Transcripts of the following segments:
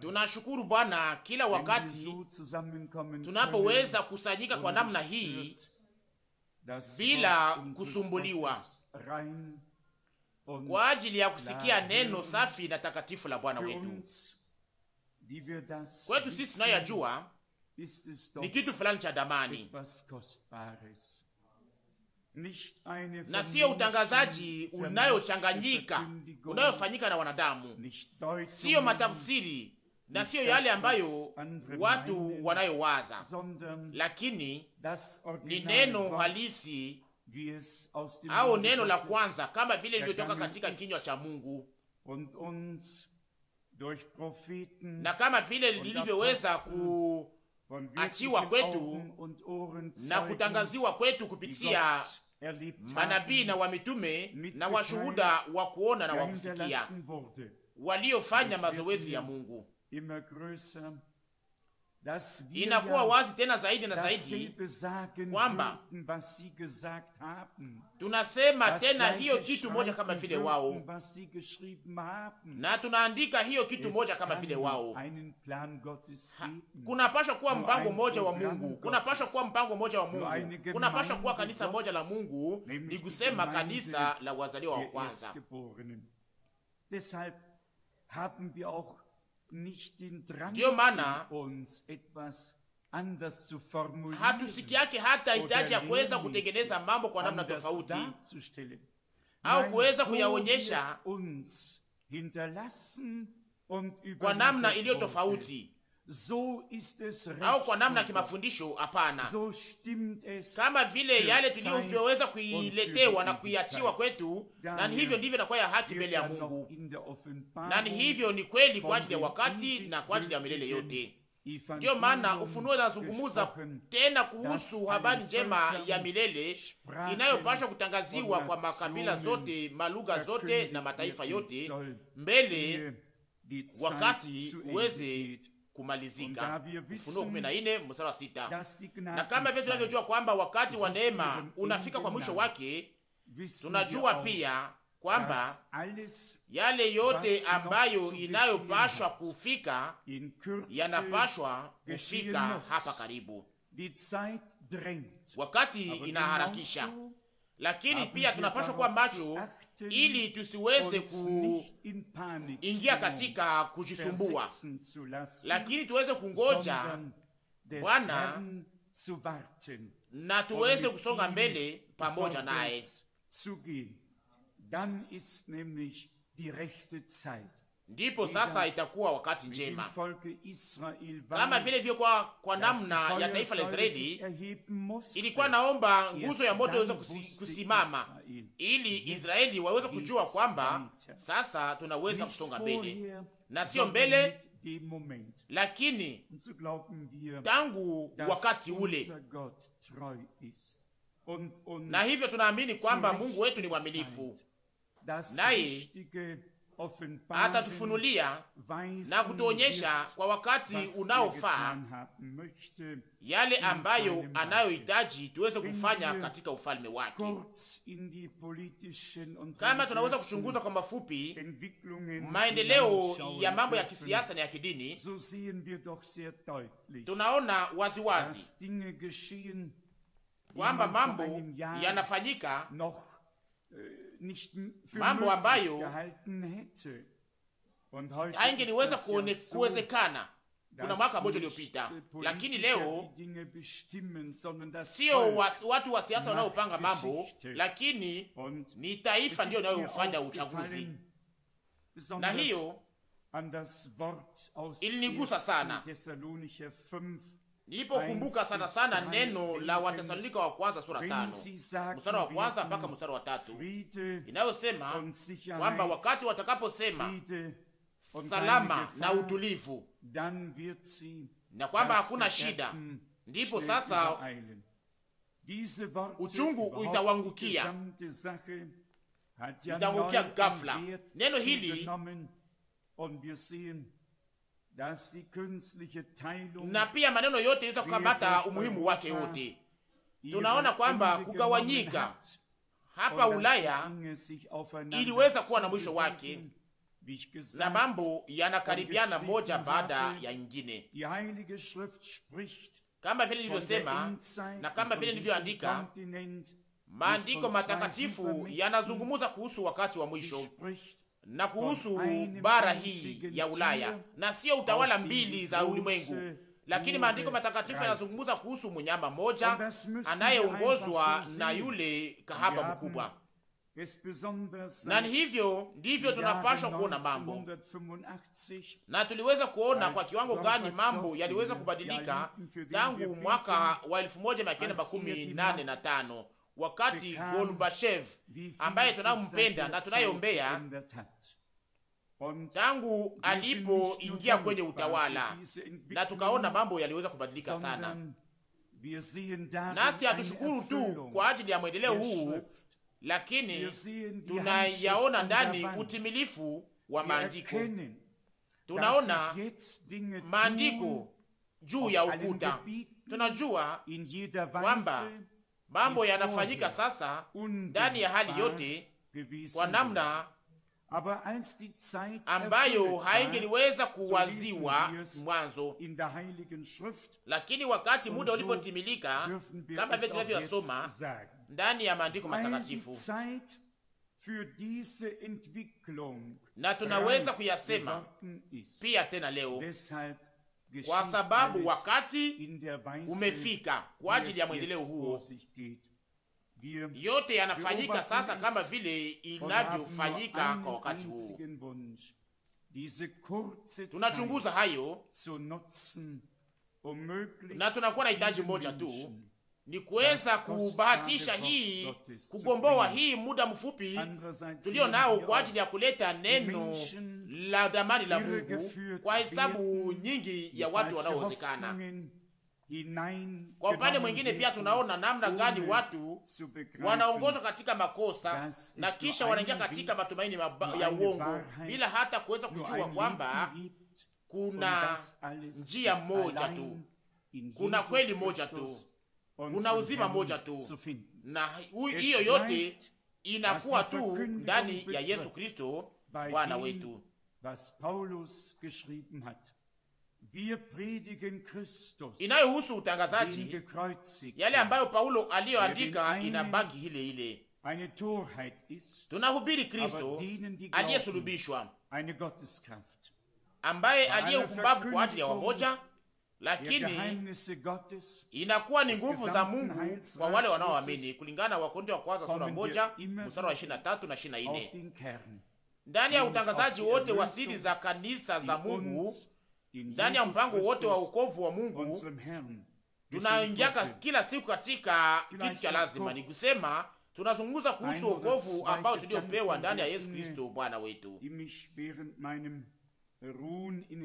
Tunashukuru Bwana kila wakati tunapoweza kusanyika kwa namna hii bila kusumbuliwa kwa ajili ya kusikia neno safi na takatifu la Bwana wetu. Kwetu sisi tunayoyajua ni kitu fulani cha damani na siyo utangazaji unayochanganyika unayofanyika na wanadamu, siyo matafsiri na siyo yale ambayo watu wanayowaza, lakini ni neno halisi au neno la kwanza kama vile lilivyotoka katika kinywa cha Mungu na kama vile lilivyoweza kuachiwa kwetu na kutangaziwa kwetu kupitia manabii na wamitume na washuhuda wa kuona na wa kusikia waliofanya mazoezi ya Mungu inakuwa wazi tena zaidi na zaidi kwamba tunasema tena hiyo kitu moja kama vile wao, na tunaandika hiyo kitu moja kama vile wao. Kunapasha kuwa mpango moja wa Mungu, kunapasha kuwa mpango moja wa Mungu, kunapasha kuwa kanisa moja la Mungu, ni kusema kanisa la wazaliwa wa kwanza. Ndiyo maana hatusikiake hata hitaji ya kuweza kutengeneza mambo kwa namna tofauti au kuweza kuyaonyesha kwa namna iliyo tofauti So ist es au kwa namna ya kimafundisho hapana. So kama vile yale tuliyoweza kuiletewa na kuiachiwa kwetu, na hivyo ndivyo inakuwa ya haki mbele ya Mungu, na hivyo ni kweli kwa ajili ya wakati na kwa ajili ya milele yote. Ndiyo maana Ufunuo inazungumuza tena kuhusu habari njema ya milele inayopashwa kutangaziwa kwa makabila zote, malugha zote na mataifa yote, mbele wakati uweze kumalizika. Ufunuo 14 mstari wa sita. Na kama vile tunavyojua kwamba wakati wa neema unafika kwa mwisho wake, tunajua pia kwamba yale yote ambayo inayopashwa kufika yanapashwa kufika hapa karibu. Wakati inaharakisha, lakini pia tunapashwa kuwa macho ili tusiweze kuingia katika kujisumbua, lakini tuweze kungoja Bwana na tuweze kusonga mbele pamoja naye ndipo sasa itakuwa wakati njema, kama vile vile kwa, kwa namna ya taifa la Israeli ilikuwa naomba nguzo ya moto iweze kusimama ili Israeli waweze kujua kwamba sasa tunaweza kusonga mbele na sio mbele, lakini tangu wakati ule. Na hivyo tunaamini kwamba Mungu wetu ni mwaminifu naye atatufunulia na kutuonyesha kwa wakati unaofaa yale ambayo anayohitaji tuweze kufanya katika ufalme wake. Kama tunaweza kuchunguza kwa mafupi maendeleo ya mambo ya kisiasa na ya kidini, tunaona waziwazi kwamba mambo yanafanyika uh, mambo ambayo haingeliweza kuwezekana kuna mwaka mmoja uliopita, lakini leo sio watu wa siasa wanaopanga mambo, lakini ni taifa ndiyo inayofanya uchaguzi. Na hiyo ilinigusa sana nilipokumbuka sana sana neno la Watesalonika wa kwanza sura tano mstari wa kwanza mpaka mstari wa tatu inayosema kwamba wakati watakaposema salama na utulivu, na kwamba hakuna shida, ndipo sasa uchungu utawangukia, itaangukia ghafla. Neno hili na pia maneno yote iweza kukamata umuhimu wake wote. Tunaona kwamba kugawanyika hapa Ulaya iliweza kuwa na mwisho wake na mambo yanakaribiana moja baada ya nyingine, kama vile nilivyosema na kama vile nilivyoandika. Maandiko matakatifu yanazungumuza kuhusu wakati wa mwisho na kuhusu bara hii ya Ulaya na sio utawala mbili za ulimwengu, eh, lakini maandiko eh, matakatifu yanazungumza kuhusu mnyama mmoja anayeongozwa na yule kahaba mkubwa. Na hivyo ndivyo tunapashwa kuona mambo, na tuliweza kuona kwa kiwango gani mambo yaliweza kubadilika tangu mwaka wa elfu moja mia kenda makumi nane na tano wakati Gorbachev ambaye tunampenda na tunayeombea tangu alipoingia kwenye utawala, na tukaona mambo yaliweza kubadilika sana. Nasi hatushukuru tu kwa ajili ya mwendeleo huu, lakini tunayaona ndani utimilifu wa maandiko. Tunaona maandiko juu ya ukuta, tunajua kwamba mambo yanafanyika sasa ndani ya hali yote kwa namna ambayo haingeliweza kuwaziwa mwanzo, lakini wakati muda ulipotimilika, kama vile tunavyosoma ndani ya maandiko matakatifu, na tunaweza kuyasema pia tena leo kwa sababu wakati umefika kwa ajili ya mwendeleo huo. Um, Yote yanafanyika sasa kama vile inavyofanyika kwa wakati huo. Tunachunguza hayo na tunakuwa na hitaji moja tu ni kuweza kubahatisha hii kugomboa hii muda mfupi tulio nao kwa ajili ya kuleta neno la dhamani la Mungu kwa hesabu nyingi ya watu wanaowezekana. Kwa upande mwingine pia tunaona namna gani watu wanaongozwa katika makosa na kisha wanaingia katika matumaini ya uongo bila hata kuweza kujua kwamba kuna njia moja tu, kuna kweli moja tu kuna uzima moja tu, na hiyo yote inakuwa tu ndani ya Yesu Kristo Bwana wetu. Inayohusu utangazaji, yale ambayo Paulo aliyoandika inabaki ile ile. Tunahubiri Kristo aliyesulubishwa, ambaye aliye ukumbavu kwa ajili ya wamoja lakini inakuwa ni nguvu za Mungu kwa wale wanaoamini, kulingana na Wakorintho wa kwanza sura moja mstari wa ishirini na tatu na ishirini na nne ndani ya utangazaji wote wa siri za kanisa za Mungu, ndani ya mpango wote wa ukovu wa Mungu, tunaingiaka kila siku katika kitu cha lazima, ni kusema tunazungumza kuhusu ukovu ambao tuliopewa ndani ya Yesu Kristo Bwana wetu.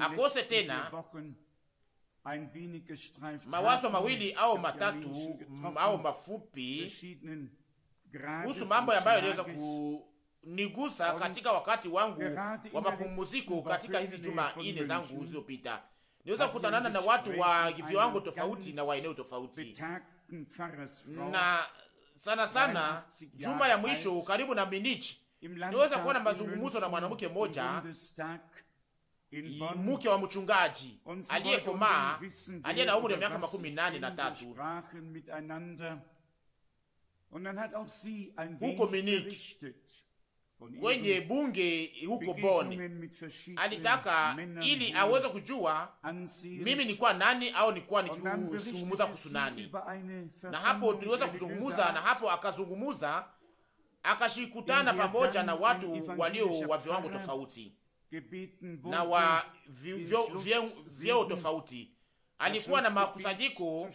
Akose tena mawazo mawili au matatu au mafupi kuhusu mambo ambayo yaliweza kunigusa katika wakati wangu wa mapumziko katika hizi juma ine zangu zilizopita. Niweza kukutanana na watu wa viwango tofauti na waeneo tofauti, na sana sana juma ya mwisho karibu na Minich niweza kuwa na mazungumzo na mwanamke mmoja mke wa mchungaji aliyekomaa aliye na umri wa miaka makumi nane na tatu huko Miniki kwenye bunge huko Boni alitaka ili aweze kujua mimi nikuwa nani au nikuwa nikizungumuza kuhusu nani, na hapo tuliweza kuzungumuza, na hapo akazungumuza, akashikutana pamoja na watu walio wa viwango tofauti na wa vyeo tofauti. Alikuwa na makusanyiko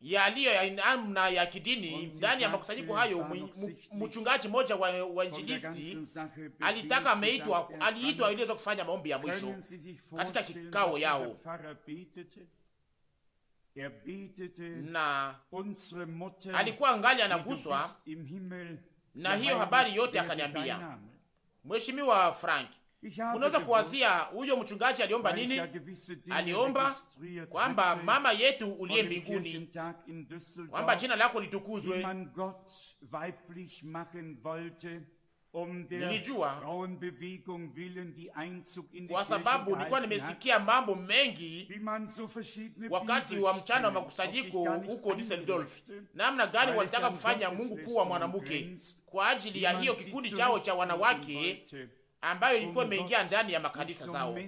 yaliyo namna ya kidini. Ndani ya makusanyiko hayo, mchungaji mmoja wa wainjilisti alitaka ameitwa, er aliitwa iliweza kufanya maombi ya mwisho katika kikao yao er na alikuwa ngali anaguswa na hiyo habari yote, akaniambia Mheshimiwa Frank, Unaweza kuwazia huyo mchungaji aliomba nini? Aliomba kwamba mama yetu uliye mbinguni, kwamba jina lako litukuzwe. Um Nilijua kwa sababu nilikuwa nimesikia mambo mengi wakati wa mchana wa makusanyiko huko Düsseldorf, namna gani walitaka kufanya Mungu kuwa mwanamke kwa ajili ya hiyo kikundi chao cha wanawake ambayo ilikuwa imeingia ndani ya makanisa zao,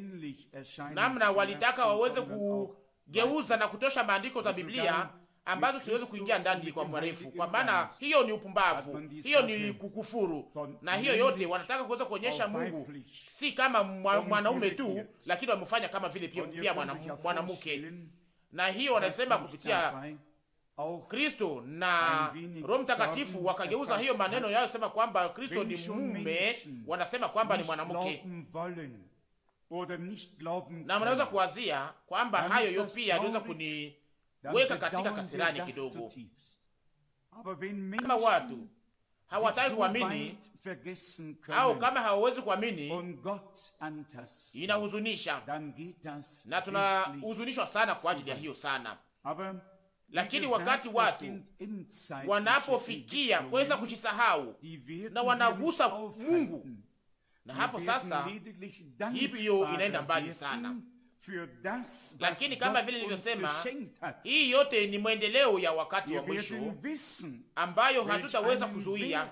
namna walitaka waweze kugeuza na kutosha maandiko za Biblia ambazo siwezi kuingia ndani kwa mrefu, kwa maana hiyo ni upumbavu, hiyo ni kukufuru, na hiyo yote wanataka kuweza kuonyesha Mungu si kama mwanaume tu, lakini wamefanya kama vile pia mwanamke, na hiyo wanasema kupitia Kristo na Roho Mtakatifu wakageuza hiyo maneno yayosema kwamba Kristo ni mume, wanasema kwamba ni mwanamke, na mnaweza kuwazia kwamba hayo yo pia aliweza kuniweka katika kasirani kidogo. Kama watu hawataki kuamini au kama hawawezi kuamini, inahuzunisha na tunahuzunishwa sana kwa ajili ya hiyo sana lakini wakati watu wanapofikia kuweza kujisahau na wanagusa Mungu, na hapo sasa hivyo inaenda mbali sana. Lakini kama vile nilivyosema, hii yote ni mwendeleo ya wakati wa mwisho ambayo hatutaweza kuzuia.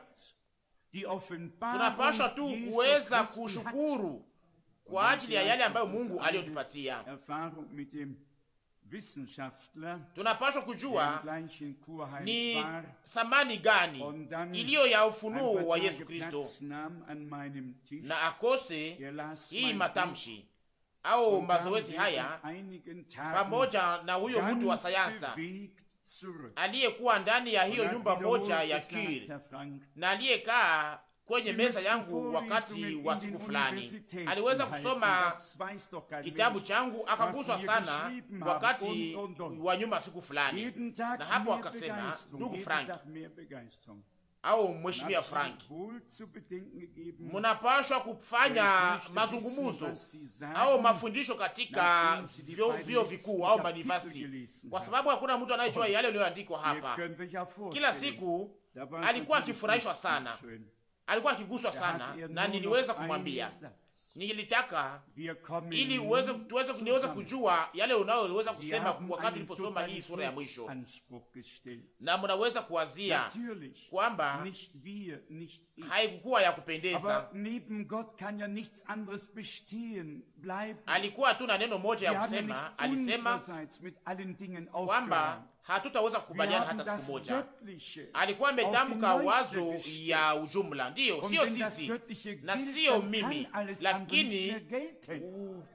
Tunapashwa tu kuweza kushukuru kwa ajili ya yale ambayo Mungu aliyotupatia tunapashwa kujua ni samani gani iliyo ya ufunuo wa Yesu Kristo, na akose hii matamshi au mazoezi haya pamoja na huyo mtu wa sayansa aliyekuwa ndani ya hiyo nyumba moja ya Kir na aliyekaa kwenye meza yangu wakati wa siku fulani. Aliweza kusoma kitabu changu akaguswa sana wakati wa nyuma siku fulani, na hapo akasema, ndugu Frank au mheshimiwa Frank, munapashwa kufanya mazungumuzo au mafundisho katika vyuo vikuu au manivasiti, kwa sababu hakuna mtu anayejua yale yaliyoandikwa hapa. Kila siku alikuwa akifurahishwa sana alikuwa akiguswa sana na niliweza kumwambia, nilitaka ili uweze niweze kujua yale unayoweza kusema wakati uliposoma hii sura ya mwisho, na mnaweza kuwazia kwamba haikukuwa ya kupendeza. Alikuwa tu na neno moja ya kusema, alisema kwamba hatutaweza kukubaliana hata siku moja. Alikuwa ametamka wazo ya ujumla, ndiyo, sio sisi na sio mimi, lakini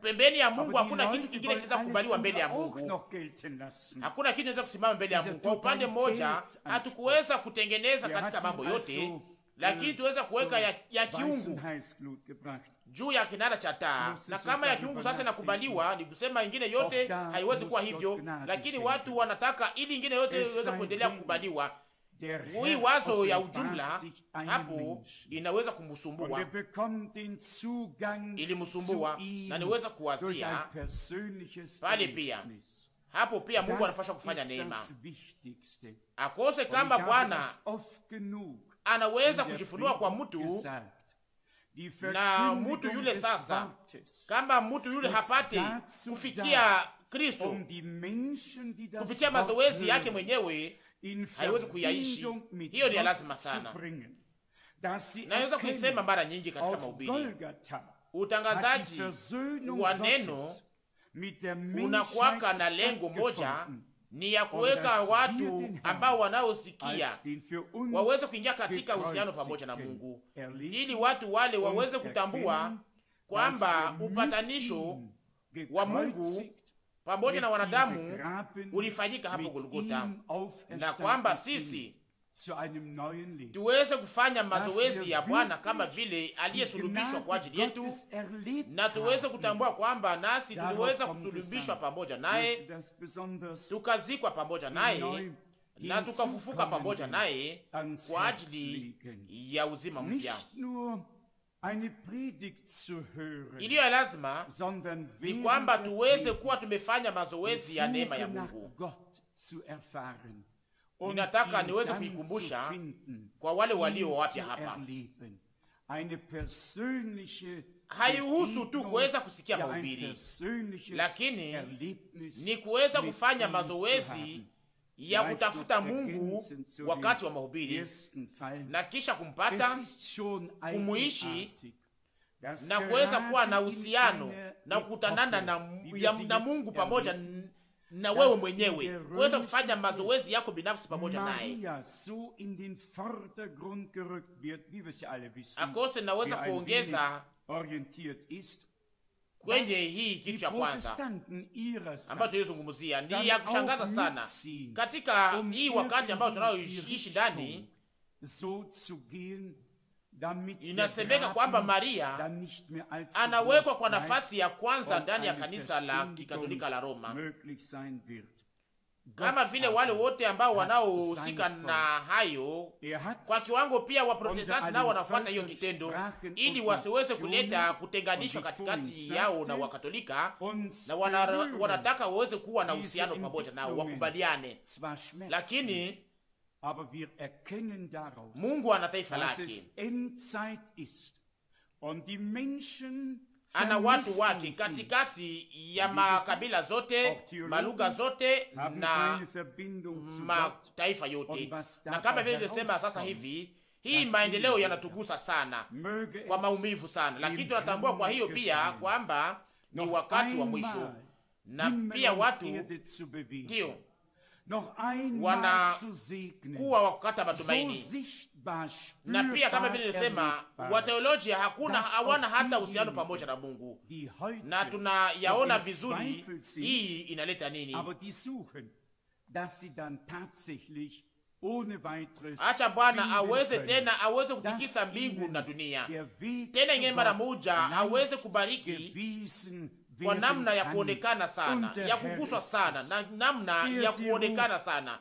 pembeni ya Mungu hakuna kitu kingine kinaweza kukubaliwa mbele ya Mungu, hakuna kitu kinaweza kusimama mbele ya Mungu. Kwa upande mmoja, hatukuweza kutengeneza katika mambo yote, lakini tuweza kuweka ya, ya kiungu juu ya kinara cha taa, na kama ya kiungu sasa inakubaliwa, ni kusema ingine yote haiwezi kuwa hivyo, lakini watu wanataka ili ingine yote iweze kuendelea kukubaliwa. Hii wazo ya ujumla hapo inaweza kumusumbua ilimusumbua na niweza kuwazia pale pia hapo pia Mungu anapasha kufanya neema akose, kamba Bwana anaweza kujifunua kwa mtu na mtu yule sasa, kama mtu yule hapate kufikia Kristo kupitia mazoezi yake mwenyewe, haiwezi kuyaishi. Hiyo ni ya lazima sana. Naweza kuisema mara nyingi katika mahubiri, utangazaji wa neno unakuwaka na lengo moja ni ya kuweka watu ambao wanaosikia waweze kuingia katika uhusiano pamoja na Mungu, ili watu wale waweze kutambua kwamba upatanisho wa Mungu pamoja na wanadamu ulifanyika hapo Golgota, na kwamba sisi tuweze kufanya mazoezi ya Bwana kama vile aliyesulubishwa kwa ajili yetu, na tuweze kutambua kwamba nasi tuliweza kusulubishwa pamoja naye, tukazikwa pamoja naye, na tukafufuka pamoja naye kwa ajili ya uzima mpya iliyo ya lazima ni kwamba tuweze kuwa tumefanya mazoezi ya neema ya Mungu Ninataka niweze kuikumbusha kwa wale walio wapya hapa. Haihusu tu kuweza kusikia mahubiri, lakini ni kuweza kufanya mazoezi ya kutafuta Mungu wakati wa mahubiri na kisha kumpata, kumuishi na kuweza kuwa na uhusiano na kukutanana na, na Mungu pamoja na wewe mwenyewe uweze kufanya mazoezi yako binafsi pamoja naye so akose naweza kuongeza kwenye hii kitu ya kwanza ambayo tulizungumzia ni ya kushangaza sana katika um hii wakati ambao tunayoishi ndani so Inasemeka kwamba Maria anawekwa kwa nafasi ya kwanza ndani ya kanisa la kikatolika la Roma, kama vile wale wote ambao wanaohusika na hayo er kwa kiwango pia Waprotestanti nao wanafuata hiyo kitendo, ili wasiweze kuleta kutenganishwa katikati yao na Wakatolika, na wanataka waweze kuwa na uhusiano pamoja nao, wakubaliane, lakini Mungu ana taifa lake, ana watu wake katikati ya makabila zote, malugha zote na mataifa yote, na kama vile nilisema sasa hivi hii maendeleo yanatugusa sana kwa maumivu sana, lakini tunatambua kwa hiyo pia kwamba ni wakati wa mwisho na pia watu ndio wanakuwa wa kukata matumaini, na pia kama vile nilisema, wateolojia hakuna hawana hata uhusiano pamoja na Mungu, na tunayaona vizuri hii inaleta nini. Acha Bwana aweze tena aweze kutikisa mbingu na dunia tena ingine mara moja aweze kubariki kwa namna ya kuonekana sana, ya kuguswa sana, na namna ya kuonekana sana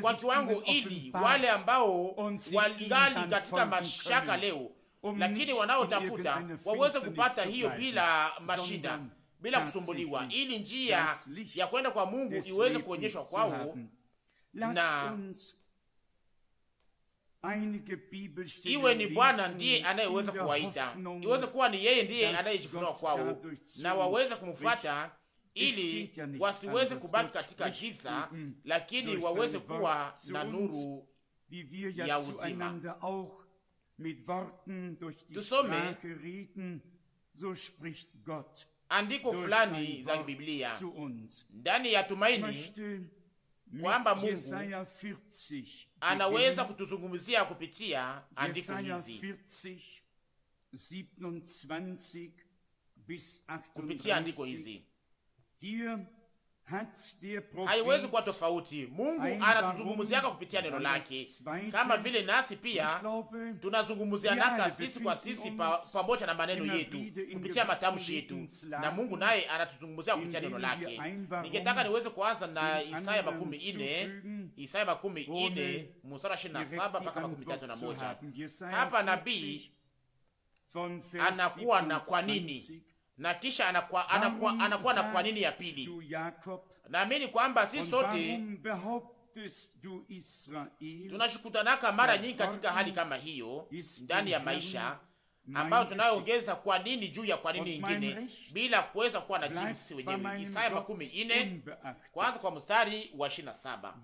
kwa kiwango, ili wale ambao wangali katika mashaka leo, lakini wanaotafuta waweze kupata hiyo bila mashida, bila kusumbuliwa, ili njia ya kwenda kwa Mungu iweze kuonyeshwa kwao na Iwe ni Bwana ndiye anayeweza kuwaita, iweze kuwa ni yeye ndiye anayejifunua kwao, na waweze kumfuata ili wasiweze kubaki katika giza, lakini waweze kuwa na nuru ya uzima. Tusome andiko fulani za Biblia ndani ya tumaini kwamba Mungu anaweza kutuzungumzia kupitia andiko hizi, kupitia andiko hizi haiwezi kuwa tofauti. Mungu anatuzungumuziaka kupitia neno lake, kama vile nasi pia tunazungumuzianaka sisi kwa sisi pamoja pa na maneno yetu kupitia matamshi yetu, na Mungu naye anatuzungumuzia kupitia neno lake. Ningetaka niweze kuanza na Isaya makumi ine Isaya makumi ine mstari ishirini na saba mpaka makumi tatu na moja. Hapa nabii anakuwa na kwa nini na kisha anakuwa anakuwa anakuwa na kwa nini ya pili. Naamini kwamba si sote tunashukutanaka mara nyingi katika hali kama hiyo ndani ya maisha ambayo tunayoongeza kwa nini juu ya kwa nini ingine bila kuweza kuwa na jibu sisi wenyewe. Isaya makumi ine kwanza kwa mstari wa ishirini na saba.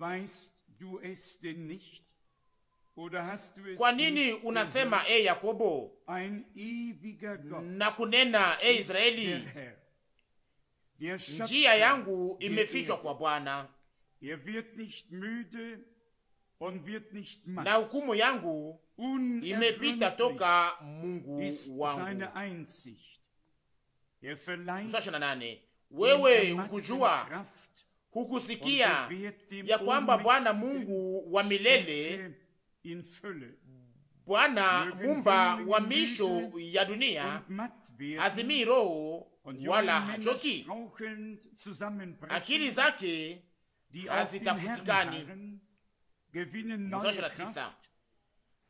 Kwa nini unasema e Yakobo na kunena e Israeli, njia yangu imefichwa kwa Bwana er na hukumu yangu imepita toka Mungu wangu. Er Wewe hukujua hukusikia er ya kwamba Bwana Mungu wa milele Bwana mumba wa misho ya dunia hazimii roho wala hachoki, akili zake hazitafutikani.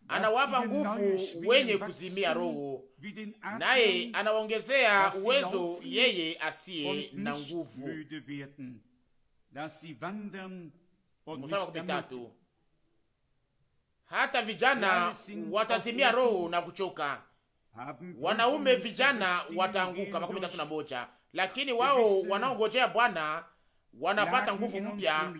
Anawapa nguvu wenye kuzimia roho, naye anawaongezea uwezo yeye asiye na nguvu hata vijana yaani watazimia roho na kuchoka, wanaume vijana wataanguka. makumi tatu na moja. Lakini wao yaani wanaongojea Bwana wanapata yaani nguvu mpya,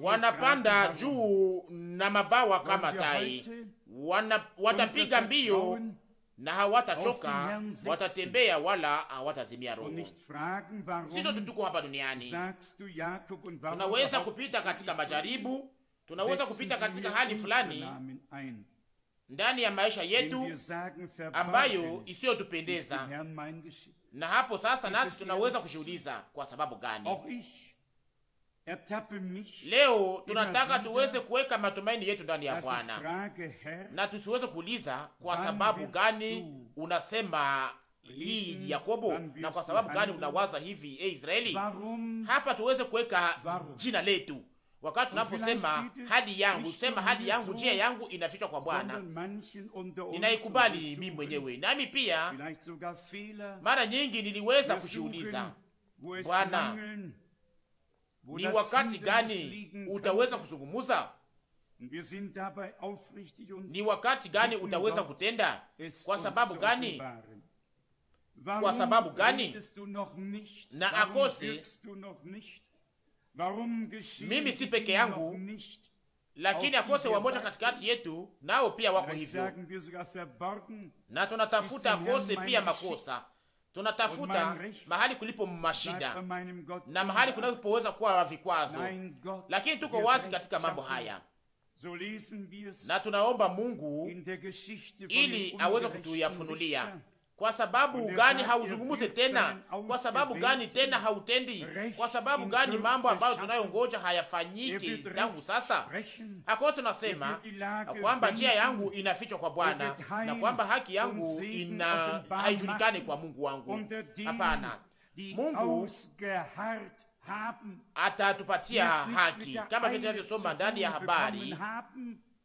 wanapanda juu na mabawa kama tai, wana watapiga mbio na hawatachoka, watatembea wala hawatazimia roho. Sisi sote tuko hapa duniani, tunaweza kupita katika majaribu, tunaweza kupita katika hali fulani ndani ya maisha yetu ambayo isiyotupendeza, na hapo sasa nasi tunaweza kujiuliza kwa sababu gani Leo tunataka tuweze kuweka matumaini yetu ndani ya Bwana na tusiweze kuuliza kwa sababu gani unasema hii Yakobo, na kwa sababu gani unawaza hivi e Israeli. Hapa tuweze kuweka jina letu wakati tunaposema hadi yangu, sema hadi yangu, njia yangu inafichwa kwa Bwana, ninaikubali mimi mwenyewe. Nami pia mara nyingi niliweza kushuhudiza Bwana ni wakati gani utaweza kuzungumuza? Ni wakati gani utaweza kutenda? Kwa sababu gani? Kwa sababu gani? Na akose mimi si peke yangu, lakini akose wamoja katikati yetu, nao pia wako hivyo, na tunatafuta akose pia makosa tunatafuta mahali kulipo mashida na mahali kunapoweza kuwa vikwazo, lakini tuko wazi katika mambo haya na tunaomba Mungu ili aweze kutuyafunulia kwa sababu gani hauzungumuze tena? Kwa sababu gani tena hautendi? Kwa sababu gani mambo ambayo tunayongoja hayafanyiki tangu sasa? Hakuwa tunasema kwamba njia yangu inafichwa kwa Bwana na kwamba haki yangu ina haijulikani kwa Mungu wangu. Hapana, Mungu atatupatia haki kama vile tunavyosoma ndani ya habari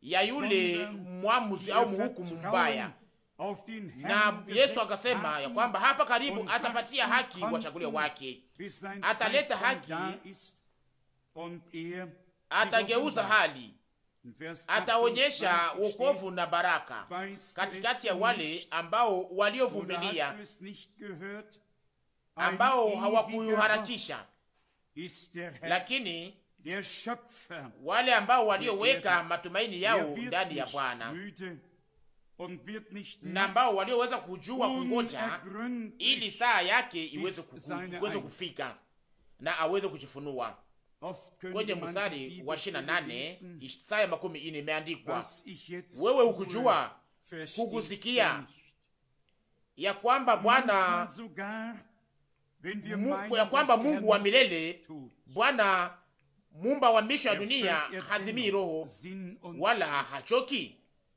ya yule mwamuzi au mhukumu mbaya na Yesu akasema ya kwamba hapa karibu atapatia haki wachagulia wake, ataleta haki, atageuza hali, ataonyesha wokovu na baraka katikati ya wale ambao waliovumilia, ambao hawakuharakisha, lakini wale ambao walioweka matumaini yao ndani ya Bwana na ambao walioweza kujua kungoja ili saa yake iweze kufika na aweze kujifunua. Kwenye mstari wa ishirini na nane Isaya makumi ine imeandikwa, wewe hukujua kukusikia ya kwamba Bwana Mungu, ya kwamba Mungu wa milele Bwana mumba wa misho ya dunia er hazimii roho wala hachoki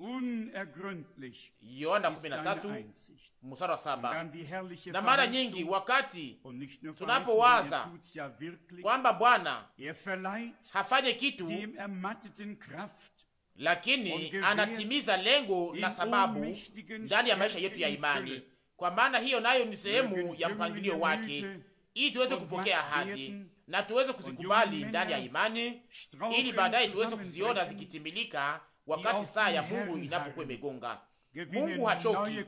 Yohana 13 mstari wa saba. Na mara nyingi wakati tunapowaza er kwamba Bwana er hafanye kitu, lakini anatimiza lengo la sababu ndani ya maisha yetu ya imani. Kwa maana hiyo nayo ni sehemu ya mpangilio wake, ili tuweze kupokea ahadi na tuweze kuzikubali ndani ya imani, ili baadaye tuweze kuziona zikitimilika wakati saa ya Mungu inapokuwa imegonga. Mungu hachoki,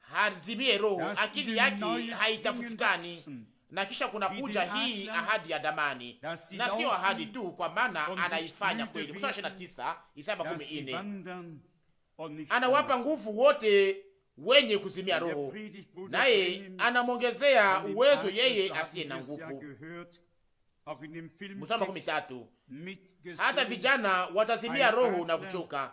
hazimie roho, akili yake haitafutikani. Na kisha kuna kuja hii ahadi ya damani, na sio ahadi tu, kwa maana anaifanya kweli. Mstari ishirini na tisa Isaya makumi ine anawapa nguvu wote wenye kuzimia roho, naye anamwongezea uwezo yeye asiye na nguvu. Mstari makumi tatu hata vijana watazimia roho na kuchoka,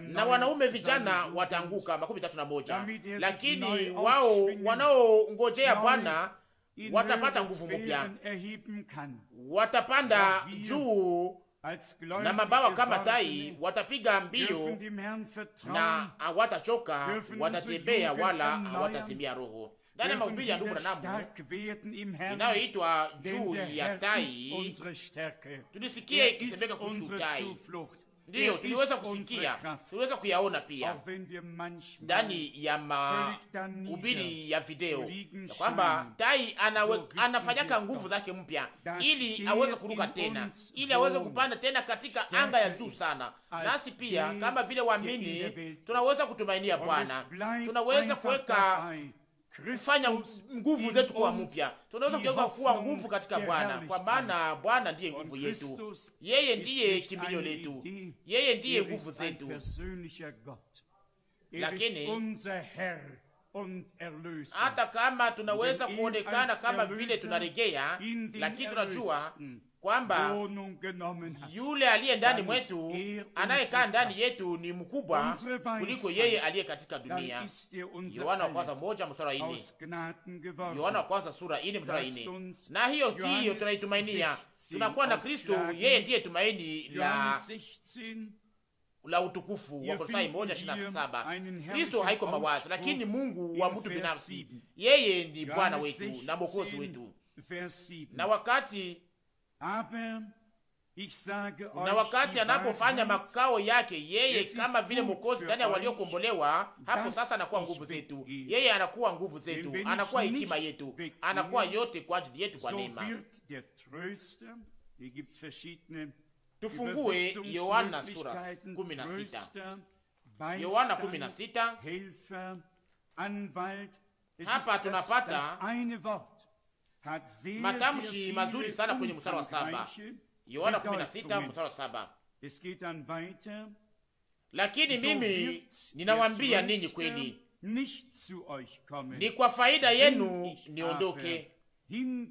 na wanaume vijana wataanguka. makumi tatu na moja. Lakini wao wanaongojea Bwana watapata nguvu mpya, watapanda juu na mabawa kama tai, watapiga mbio na hawatachoka, watatembea wala hawatazimia roho ndani ya mahubiri ya ndugu Branamu inayoitwa juu ya tai, tulisikia er ikisemeka kuhusu tai. Ndiyo, er tuliweza kusikia, tuliweza kuyaona pia ndani ya mahubiri ya video ya kwamba tai anawe, anafanyaka nguvu zake mpya ili aweze kuruka tena, ili aweze kupanda tena katika anga ya juu sana. Nasi pia kama vile waamini tunaweza kutumainia Bwana, tunaweza kuweka fanya nguvu zetu kuwa mpya. Tunaweza kugeuka kuwa nguvu katika Bwana, kwa maana Bwana ndiye nguvu yetu, yeye ndiye kimbilio letu, yeye ndiye nguvu zetu. Lakini hata kama tunaweza kuonekana kama vile tunaregea, lakini tunajua kwamba oh, yule aliye ndani mwetu eh, anayekaa ndani ah, yetu ni mkubwa kuliko yeye aliye katika dunia. Yohana wa kwanza moja ine. Yohana wa kwanza sura ine ine. Na hiyo ndiyo tunaitumainia, tunakuwa na Kristo, yeye ndiye tumaini la la utukufu. Wakolosai moja ishirini na saba. Kristo haiko mawazo, lakini Mungu wa mtu binafsi. Yeye ni Bwana wetu na mwokozi wetu, na wakati na wakati anapofanya makao yake yeye kama vile mokozi ndani ya waliokombolewa, hapo sasa anakuwa nguvu zetu, yeye anakuwa nguvu zetu, anakuwa hekima yetu, anakuwa yote kwa ajili yetu kwa neema. Tufungue Yohana sura 16. Yohana 16. Hapa tunapata matamshi mazuri sana kwenye mstari wa saba, Yohana 16 mstari wa saba. Lakini mimi ninawambia ninyi kweli, ni kwa faida yenu niondoke,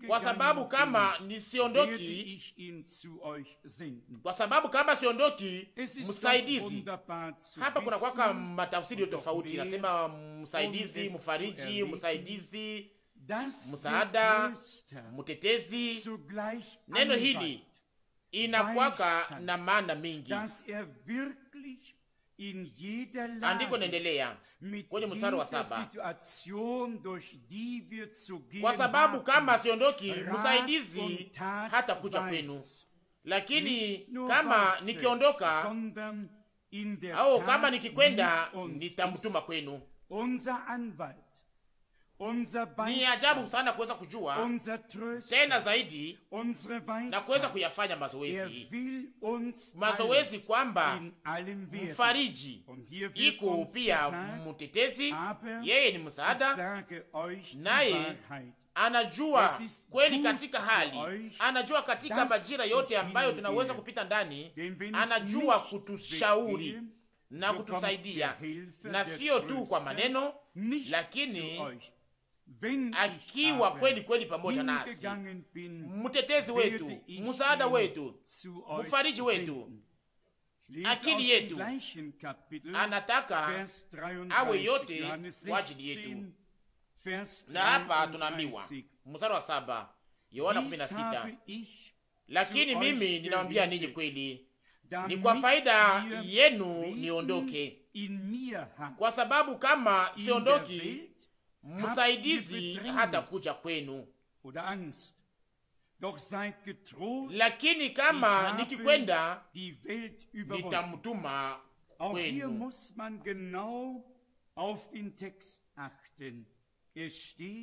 kwa sababu kama nisiondoki, kwa sababu kama siondoki, msaidizi hapa kuna kwaka matafsiri yo tofauti, nasema msaidizi, mfariji, msaidizi msaada, mtetezi. Neno hili inakwaka na maana mingi. Andiko naendelea kwenye mstari wa saba kwa sababu kama siondoki msaidizi hata kuja kwenu, lakini kama nikiondoka au kama nikikwenda nitamtuma kwenu. Ni ajabu sana kuweza kujua tena zaidi na kuweza kuyafanya mazoezi, mazoezi kwamba mfariji iko pia mtetezi, yeye ni msaada, naye anajua kweli katika hali, anajua katika majira yote ambayo tunaweza kupita ndani, anajua kutushauri na kutusaidia, na sio tu kwa maneno lakini akiwa kweli kweli pamoja nasi, mtetezi wetu, msaada wetu, mfariji wetu, akili yetu, anataka awe yote kwa ajili yetu. Na hapa tunaambiwa mstari wa saba Yohana sita lakini mimi ninawambia ninyi kweli, ni kwa faida yenu niondoke, kwa sababu kama siondoki msaidizi hata kuja kwenu. Lakini kama nikikwenda, nitamtuma kwenu.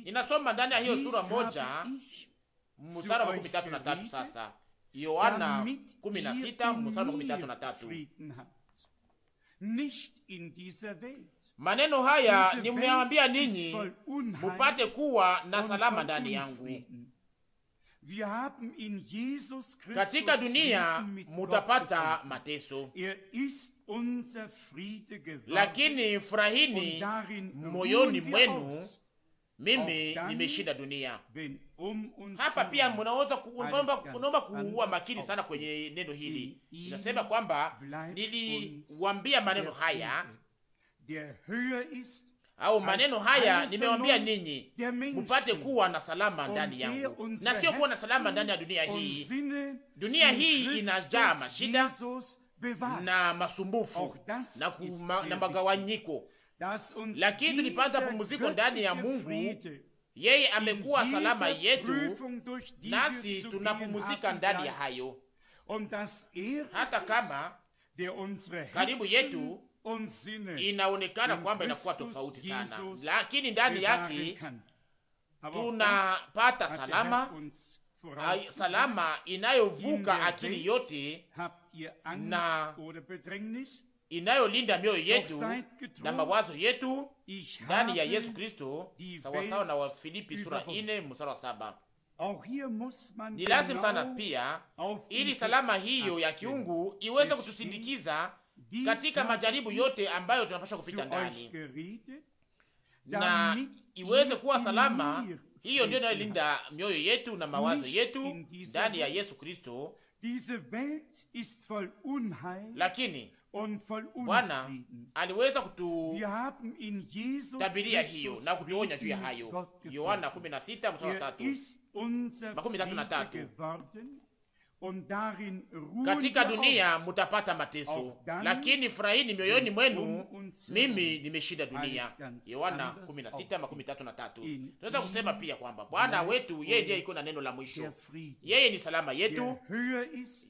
Ninasoma ndani ya hiyo sura moja mstari wa makumi tatu na tatu sasa Yohana kumi na sita mstari wa makumi tatu na tatu Maneno haya nimeambia ninyi mupate kuwa na salama ndani yangu. Katika dunia mutapata mateso, er lakini furahini moyoni mwenu mimi nimeshinda dunia. Umm Hapa pia mnaomba kuomba kuua makini sana kwenye neno hili, inasema kwamba niliwambia maneno haya au maneno haya nimewambia ninyi mpate kuwa na salama ndani yangu, na sio kuwa na salama ndani ya dunia hii. Dunia hii inajaa mashida na masumbufu na, kuma, na magawanyiko lakini tulipata pumziko ndani ya Mungu. Yeye amekuwa salama yetu, nasi tunapumzika ndani ya hayo, hata kama karibu yetu inaonekana kwamba inakuwa tofauti sana, lakini ndani yake tunapata salama salama inayovuka akili yote na inayolinda mioyo yetu na mawazo yetu ndani ya Yesu Kristo, sawasawa na Wafilipi sura 4 mstari wa saba. Ni lazima sana pia, ili salama hiyo ya kiungu iweze kutusindikiza katika majaribu yote ambayo tunapaswa kupita ndani, na iweze kuwa salama. Hiyo ndio inayolinda mioyo yetu na mawazo yetu ndani ya Yesu Kristo. Lakini Bwana aliweza kututabiria hiyo na kutuonya juu ya hayo. Yohana 16 makumi matatu na tatu katika dunia mutapata mateso, lakini furahini mioyoni um mwenu, mimi nimeshinda dunia. Yohana 16:33. Tunaweza kusema pia kwamba Bwana wetu yeye ndiye iko na neno la mwisho, yeye ni salama yetu,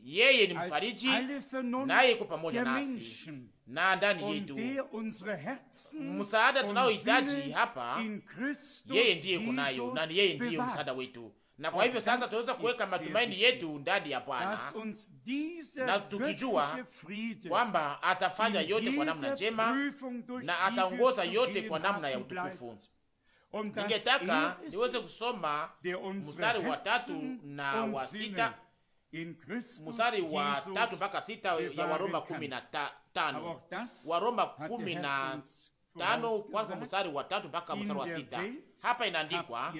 yeye ni mfariji, naye iko pamoja nasi na ndani yetu, msaada tunaohitaji hapa yeye ndiye kunayo, na yeye ndiye msaada wetu na kwa hivyo sasa tunaweza kuweka matumaini yetu ndani ya Bwana na tukijua kwamba atafanya yote kwa namna njema na ataongoza yote kwa namna ya utukufu. Ningetaka niweze kusoma mstari wa tatu na wa sita, mstari wa tatu mpaka sita ya Waroma kumi na tano Waroma kumi na tano kwanza mstari wa tatu mpaka mstari wa sita hapa inaandikwa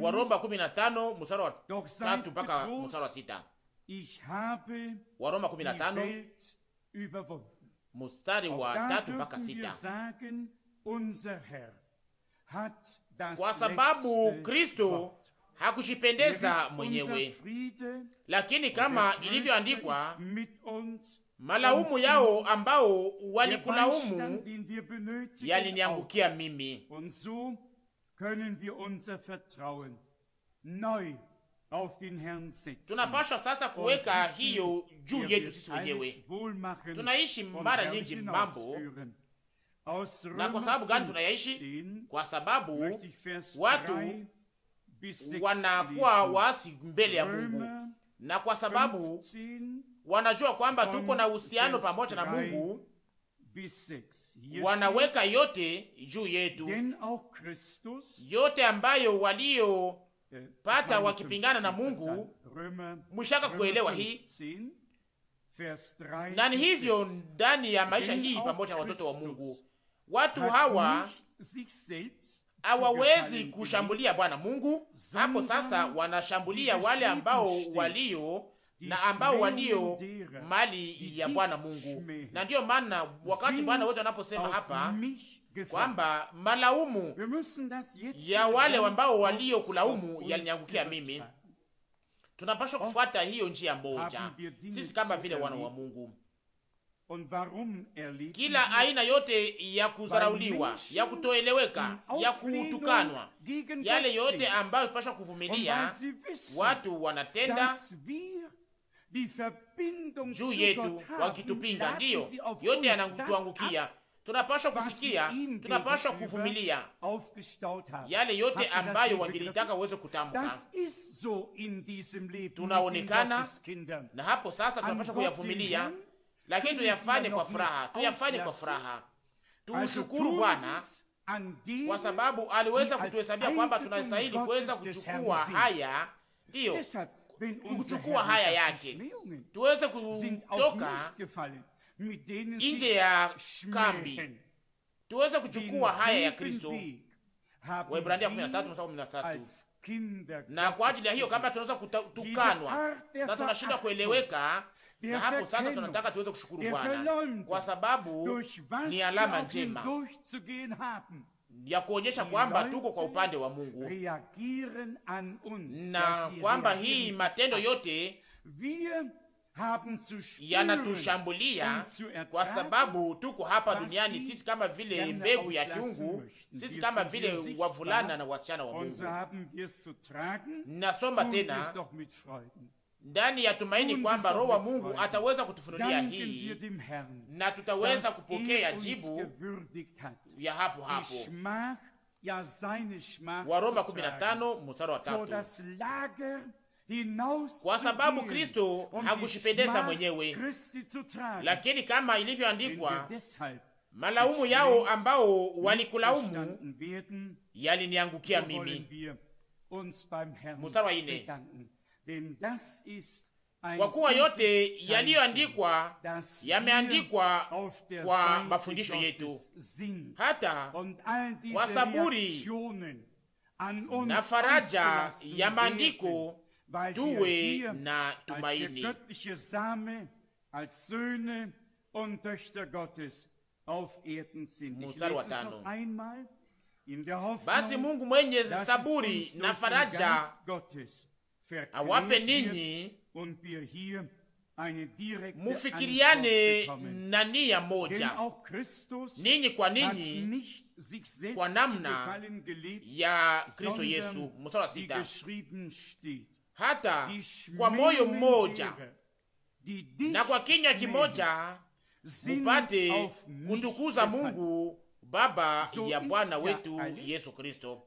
Waroma 15 mstari wa 3 mpaka mstari wa 6. Waroma 15 mstari wa 3 mpaka 6. Kwa sababu Kristo hakujipendeza er mwenyewe, lakini kama ilivyoandikwa malaumu yao ambao walikulaumu yaliniangukia mimi. Tunapashwa sasa kuweka hiyo juu yetu sisi wenyewe. Tunaishi mara nyingi mambo na kwa sababu gani tunayaishi? Kwa sababu watu wanakuwa waasi mbele ya Mungu na kwa sababu wanajua kwamba tuko na uhusiano pamoja na Mungu, wanaweka yote juu yetu, oh, yote ambayo waliopata eh, wakipingana na Mungu. Mwishaka kuelewa hii na ni hivyo ndani ya maisha hii oh, pamoja na watoto wa Mungu, watu hawa hawawezi kushambulia Bwana Mungu. Hapo sasa wanashambulia wale ambao walio na ambao walio mali ya Bwana Mungu, na ndiyo maana wakati Bwana wote wanaposema hapa kwamba malaumu ya wale ambao walio kulaumu yaliniangukia mimi, tunapaswa kufuata hiyo njia moja sisi kama vile wana wa Mungu. Er kila aina yote ya kuzarauliwa ya kutoeleweka, ya kutukanwa, yale yote ambayo pasha kuvumilia, watu wanatenda juu yetu wakitupinga. Ndiyo, yote yanatuangukia. Tunapashwa kusikia, tunapashwa kuvumilia yale yote ambayo wangelitaka uweze kutamka. tunaonekana na hapo sasa, tunapashwa kuyavumilia lakini tuyafanye kwa furaha, tuyafanye kwa furaha. Tumshukuru Bwana kwa sababu aliweza kutuhesabia kwamba tunastahili kuweza kuchukua haya, ndiyo kuchukua haya yake, tuweze kutoka nje ya kambi, tuweze kuchukua haya ya Kristo. Waebrania 13:13. Na kwa ajili ya hiyo, kama tunaweza kutukanwa na tunashinda kueleweka na hapo sasa tunataka tuweze kushukuru Bwana kwa sababu ni alama njema ya kuonyesha kwamba tuko kwa upande wa Mungu na kwamba hii matendo yote yanatushambulia kwa sababu tuko hapa duniani, sisi kama vile mbegu ya kiungu, sisi kama vile wavulana na wasichana wa Mungu. Nasoma tena ndani ya tumaini kwamba Roho wa Mungu ataweza kutufunulia hii na tutaweza kupokea jibu ya hapo hapo. Roma 15 mstari wa 3. Kwa sababu Kristo hakushipendeza mwenyewe, lakini kama ilivyoandikwa, malaumu yao ambao walikulaumu yaliniangukia mimi. Mstari wa 4 kwa kuwa yote yaliyoandikwa yameandikwa kwa mafundisho yetu, hata kwa saburi na faraja ya maandiko tuwe na tumaini. Mstari wa tano. Basi Mungu mwenye saburi na faraja awape ninyi mufikiriane na nia moja, ninyi kwa ninyi, kwa namna ya Kristo Yesu. Mstari wa sita, hata kwa moyo mmoja na kwa kinywa kimoja mupate kutukuza Mungu baba so ya Bwana wetu Yesu Kristo.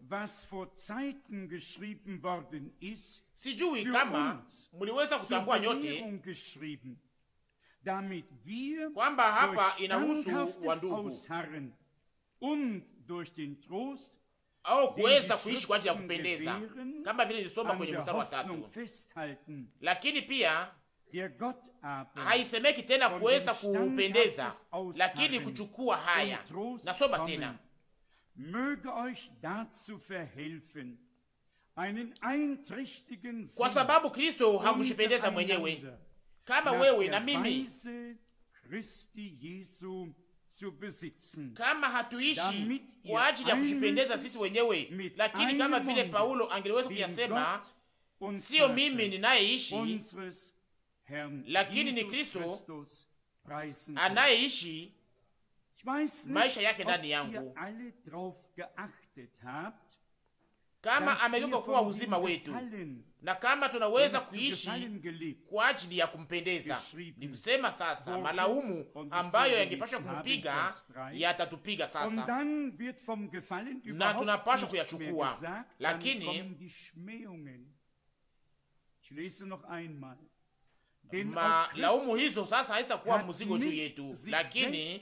Sijui kama mliweza kutambua nyote kwamba hapa inahusu wandugu au kuweza kuishi kwa ajili ya kupendeza kama vile nilisoma kwenye mstari wa tatu, lakini pia Uh, haisemeki tena kuweza kuupendeza, lakini kuchukua haya. Nasoma tena kwa sababu Kristo hakushipendeza mwenyewe, kama wewe na mimi kama hatuishi kwa ajili ya kushipendeza sisi wenyewe, lakini kama vile Paulo angeliweza kuyasema, siyo mimi ninayeishi lakini ni Kristo anayeishi maisha yake ndani yangu. Kama amegeuka kuwa uzima wetu na kama tunaweza kuishi kwa ajili ya kumpendeza, ni kusema sasa malaumu ambayo yangepashwa kumupiga yatatupiga sasa, na tunapashwa kuyachukua, lakini malaumu hizo sasa haitakuwa mzigo juu yetu, lakini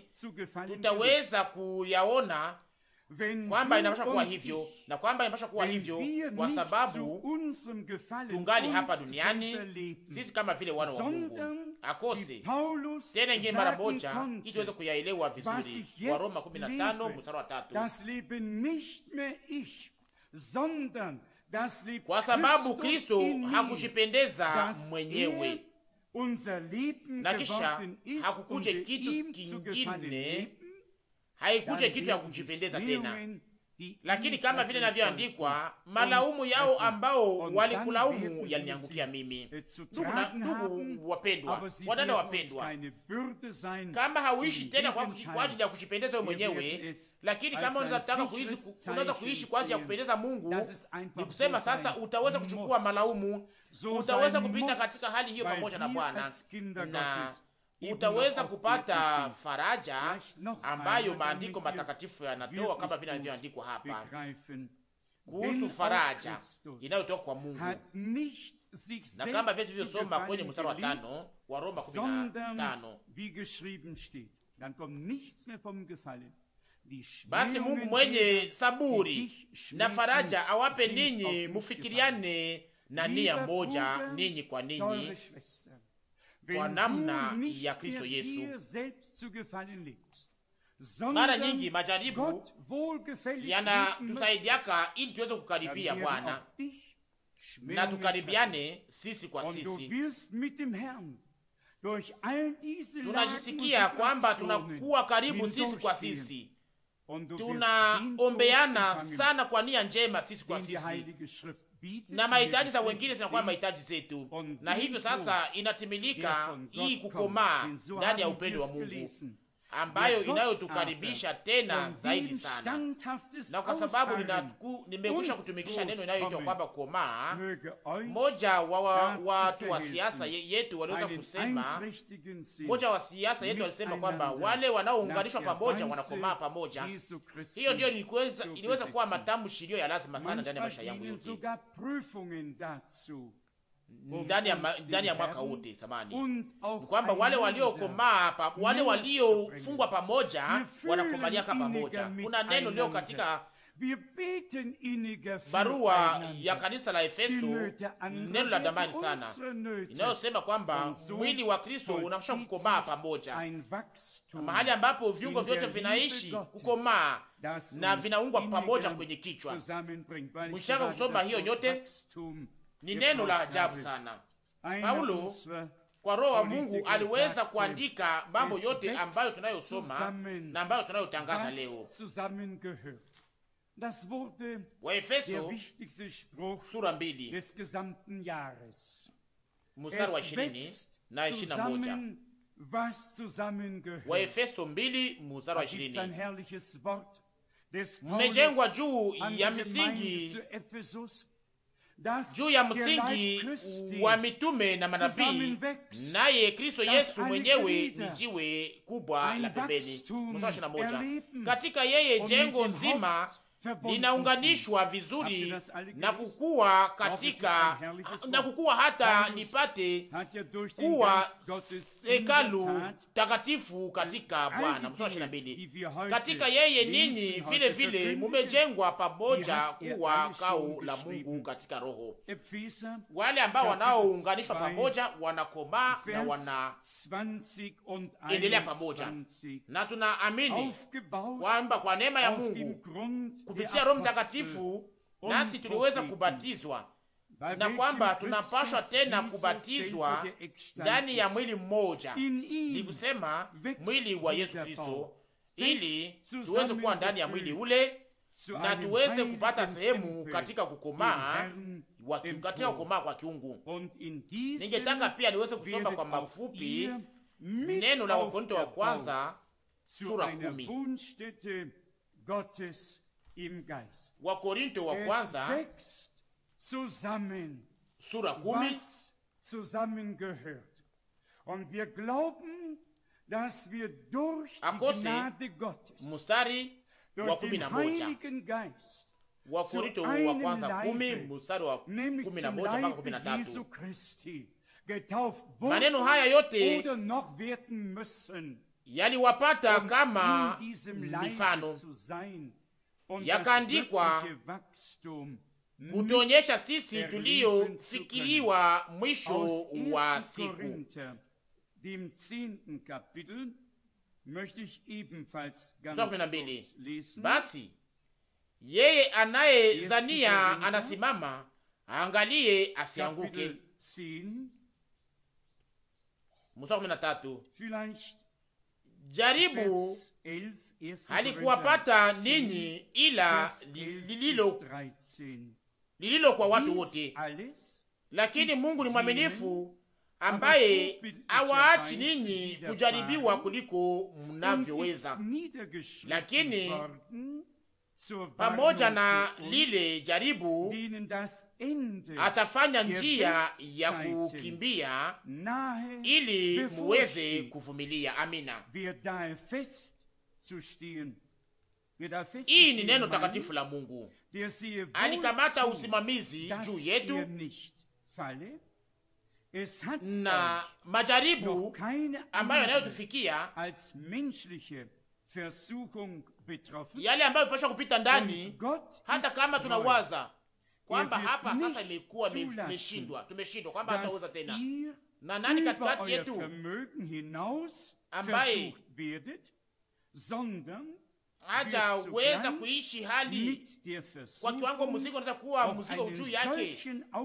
tutaweza kuyaona kwamba inapasha kuwa hivyo na kwamba inapasha kuwa hivyo kwa sababu tungali hapa duniani sisi kama vile wana wa Mungu. Akose tena ingine mara moja, ili tuweze kuyaelewa vizuri, wa Roma 15 mstari wa 3, kwa sababu Kristo hakujipendeza mwenyewe er na kisha hakukuje kitu kingine, haikuje kitu ya kujipendeza tena, lakini kama vile navyoandikwa, malaumu yao ambao walikulaumu yaliniangukia mimi. Ndugu wapendwa, wadada wapendwa, kama hauishi tena kwa ajili ya kujipendeza wewe mwenyewe, lakini kama unataka kuishi, unaweza kuishi kwa ajili ya kupendeza Mungu, ni kusema sasa utaweza kuchukua malaumu utaweza kupita katika hali hiyo pamoja na Bwana na utaweza kupata faraja ambayo maandiko matakatifu yanatoa kama vile yanavyoandikwa hapa kuhusu faraja inayotoka kwa Mungu na kama vile tulivyosoma kwenye mstari wa tano wa Roma kumi na tano basi Mungu mwenye saburi na faraja awape ninyi mufikiriane na nia moja ninyi kwa ninyi kwa namna ya Kristo Yesu. Mara nyingi majaribu yanatusaidiaka ili tuweze kukaribia Bwana na tukaribiane sisi kwa sisi. Tunajisikia kwamba tunakuwa karibu sisi kwa sisi, tunaombeana sana kwa nia njema sisi kwa sisi na mahitaji za wengine zinakuwa mahitaji zetu, na hivyo sasa inatimilika hii kukomaa ndani ya upendo wa Mungu ambayo inayotukaribisha tena zaidi sana, na kwa sababu nimekwisha kutumikisha neno inayoitwa kwamba komaa. Moja wa watu wa siasa yetu waliweza kusema, moja wa siasa yetu walisema kwamba wale wanaounganishwa pamoja wanakomaa pamoja. Hiyo ndiyo iliweza kuwa matamshi iliyo ya lazima sana ndani ya maisha yangu yote ndani ya ndani ya mwaka wote. Samani kwamba wale waliokomaa hapa, wale waliofungwa pamoja, wanakomaliaka pamoja. Kuna neno leo katika barua ya kanisa la Efeso, neno la damani sana inayosema kwamba mwili wa Kristo unapaswa kukomaa pamoja, mahali ambapo viungo vyote vinaishi kukomaa na vinaungwa pamoja kwenye kichwa. Mshaka kusoma hiyo nyote ni neno la ajabu sana. Paulo kwa roho wa Mungu aliweza kuandika mambo yote ambayo tunayosoma na ambayo tunayotangaza leo. Waefeso sura mbili mstari wa ishirini na ishirini na moja. Waefeso mbili mstari wa ishirini. Mmejengwa juu ya misingi juu ya msingi wa mitume na manabii, naye Kristo Yesu mwenyewe ni jiwe kubwa la pembeni. Katika yeye jengo nzima linaunganishwa vizuri na kukua katika na kukua hata nipate kuwa hekalu takatifu katika Bwana. Mstari ishirini na mbili, katika yeye ninyi vile vile mumejengwa pamoja kuwa kao la Mungu katika Roho. Wale ambao wanaounganishwa pamoja wanakomaa na wanaendelea pamoja, na tunaamini kwamba kwa neema ya Mungu kupitia Roho Mtakatifu nasi tuliweza kubatizwa, na kwamba tunapashwa tena kubatizwa ndani ya mwili mmoja, ni kusema mwili wa Yesu Kristo, ili tuweze kuwa ndani ya mwili ule na tuweze kupata sehemu katika kukomaa wa katika kukomaa kwa kiungu. Ningetaka pia niweze kusoma kwa mafupi neno la Wakorinto wa kwanza sura kumi wa Korinto wa kwanza sura kumi akose musari wa den Heiligen moja wa einem wa kwanza kumi musari wa kumi na moja mpaka kumi na tatu. Maneno haya yote yaliwapata um kama mifano yakaandikwa kutuonyesha sisi tuliyofikiriwa mwisho wa siku. Basi yeye anayezania anasimama, angalie asianguke. Jaribu halikuwapata ninyi ila lililo lililo kwa watu wote, lakini Mungu ni mwaminifu ambaye awaachi ninyi kujaribiwa kuliko mnavyoweza, lakini pamoja na lile jaribu atafanya njia ya kukimbia ili muweze kuvumilia. Amina. Hii ni neno takatifu la Mungu. Alikamata usimamizi juu yetu er na majaribu ambayo yanayotufikia yale ambayo pasha kupita ndani, hata kama tunawaza kwamba er hapa sasa imekuwa imeshindwa, tumeshindwa kwamba hataweza tena, na nani katikati yetu ambaye hataweza kuishi hali kwa kiwango. Mzigo unaweza kuwa mzigo juu yake,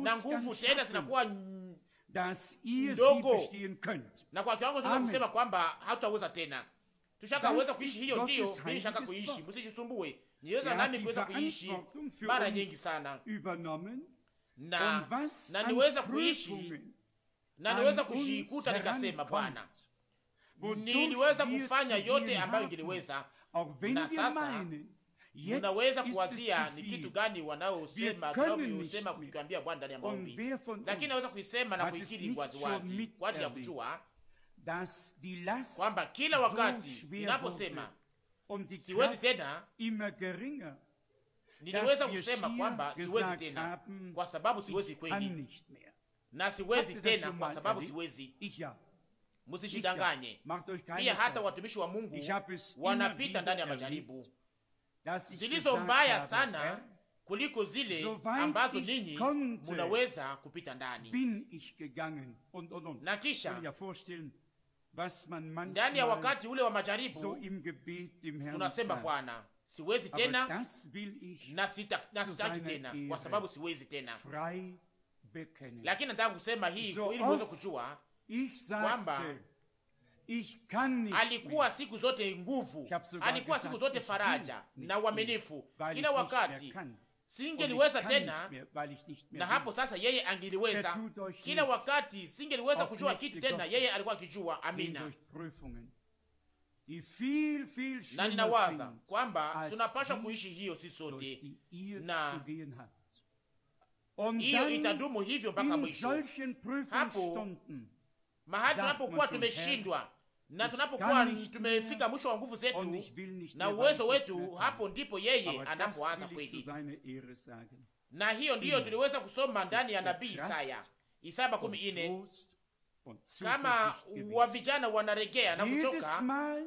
na nguvu tena zinakuwa ndogo, na kwa kiwango tunaweza kusema kwamba hatutaweza tena. Tushakaweza kuishi, hiyo ndiyo mimi shaka kuishi. Msijisumbue, niweza er nami kuweza kuishi mara nyingi sana, na um na niweza kuishi na niweza kushikuta nikasema Bwana niliweza kufanya yote ambayo ingeliweza. Na sasa unaweza kuwazia ni kitu gani wanaosema tunaosema kutukiambia Bwana ndani ya maombi, lakini naweza kuisema na kuikiri waziwazi kwa ajili ya kuchua kwamba kila wakati ninaposema siwezi tena, niliweza kusema kwamba siwezi tena kwa sababu siwezi kweli, na siwezi tena kwa sababu siwezi Musijidanganye pia, hata watumishi wa Mungu wanapita ndani ya majaribu zilizo mbaya sana eh? kuliko zile ambazo ninyi munaweza kupita ndani. Na kisha ndani ya wakati ule wa majaribu so tunasema, Bwana, siwezi tena na sitaki tena, kwa sababu siwezi tena, lakini nataka kusema hii so ili muweze kujua kwamba alikuwa siku zote nguvu, alikuwa siku zote faraja na uaminifu kila wakati. Singeliweza tena, na hapo sasa yeye angeliweza kila wakati. Singeliweza kujua kitu tena, yeye alikuwa akijua. Amina. Na ninawaza kwamba tunapasha kuishi hiyo si sote, na hiyo itadumu hivyo mpaka mwisho hapo mahali tunapokuwa tumeshindwa na tunapokuwa tumefika mwisho wa nguvu zetu na uwezo wetu, hapo ndipo yeye anapoanza kweli. Na hiyo ndiyo tuliweza kusoma ndani ya nabii Isaya, Isaya makumi ine kama wa vijana wanaregea na kuchoka,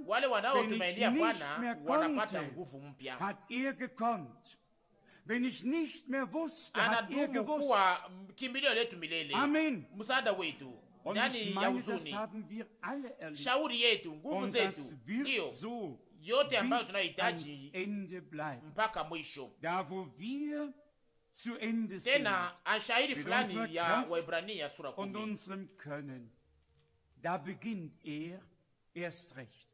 wale wanaotumainia Bwana wanapata nguvu mpya. Er er Anadumu kuwa kimbilio letu milele, msaada wetu ndani ya huzuni. Shauri yetu, nguvu zetu, ndiyo yote ambayo tunahitaji mpaka mwisho. Tena ashairi fulani ya Waebrania sura kumi er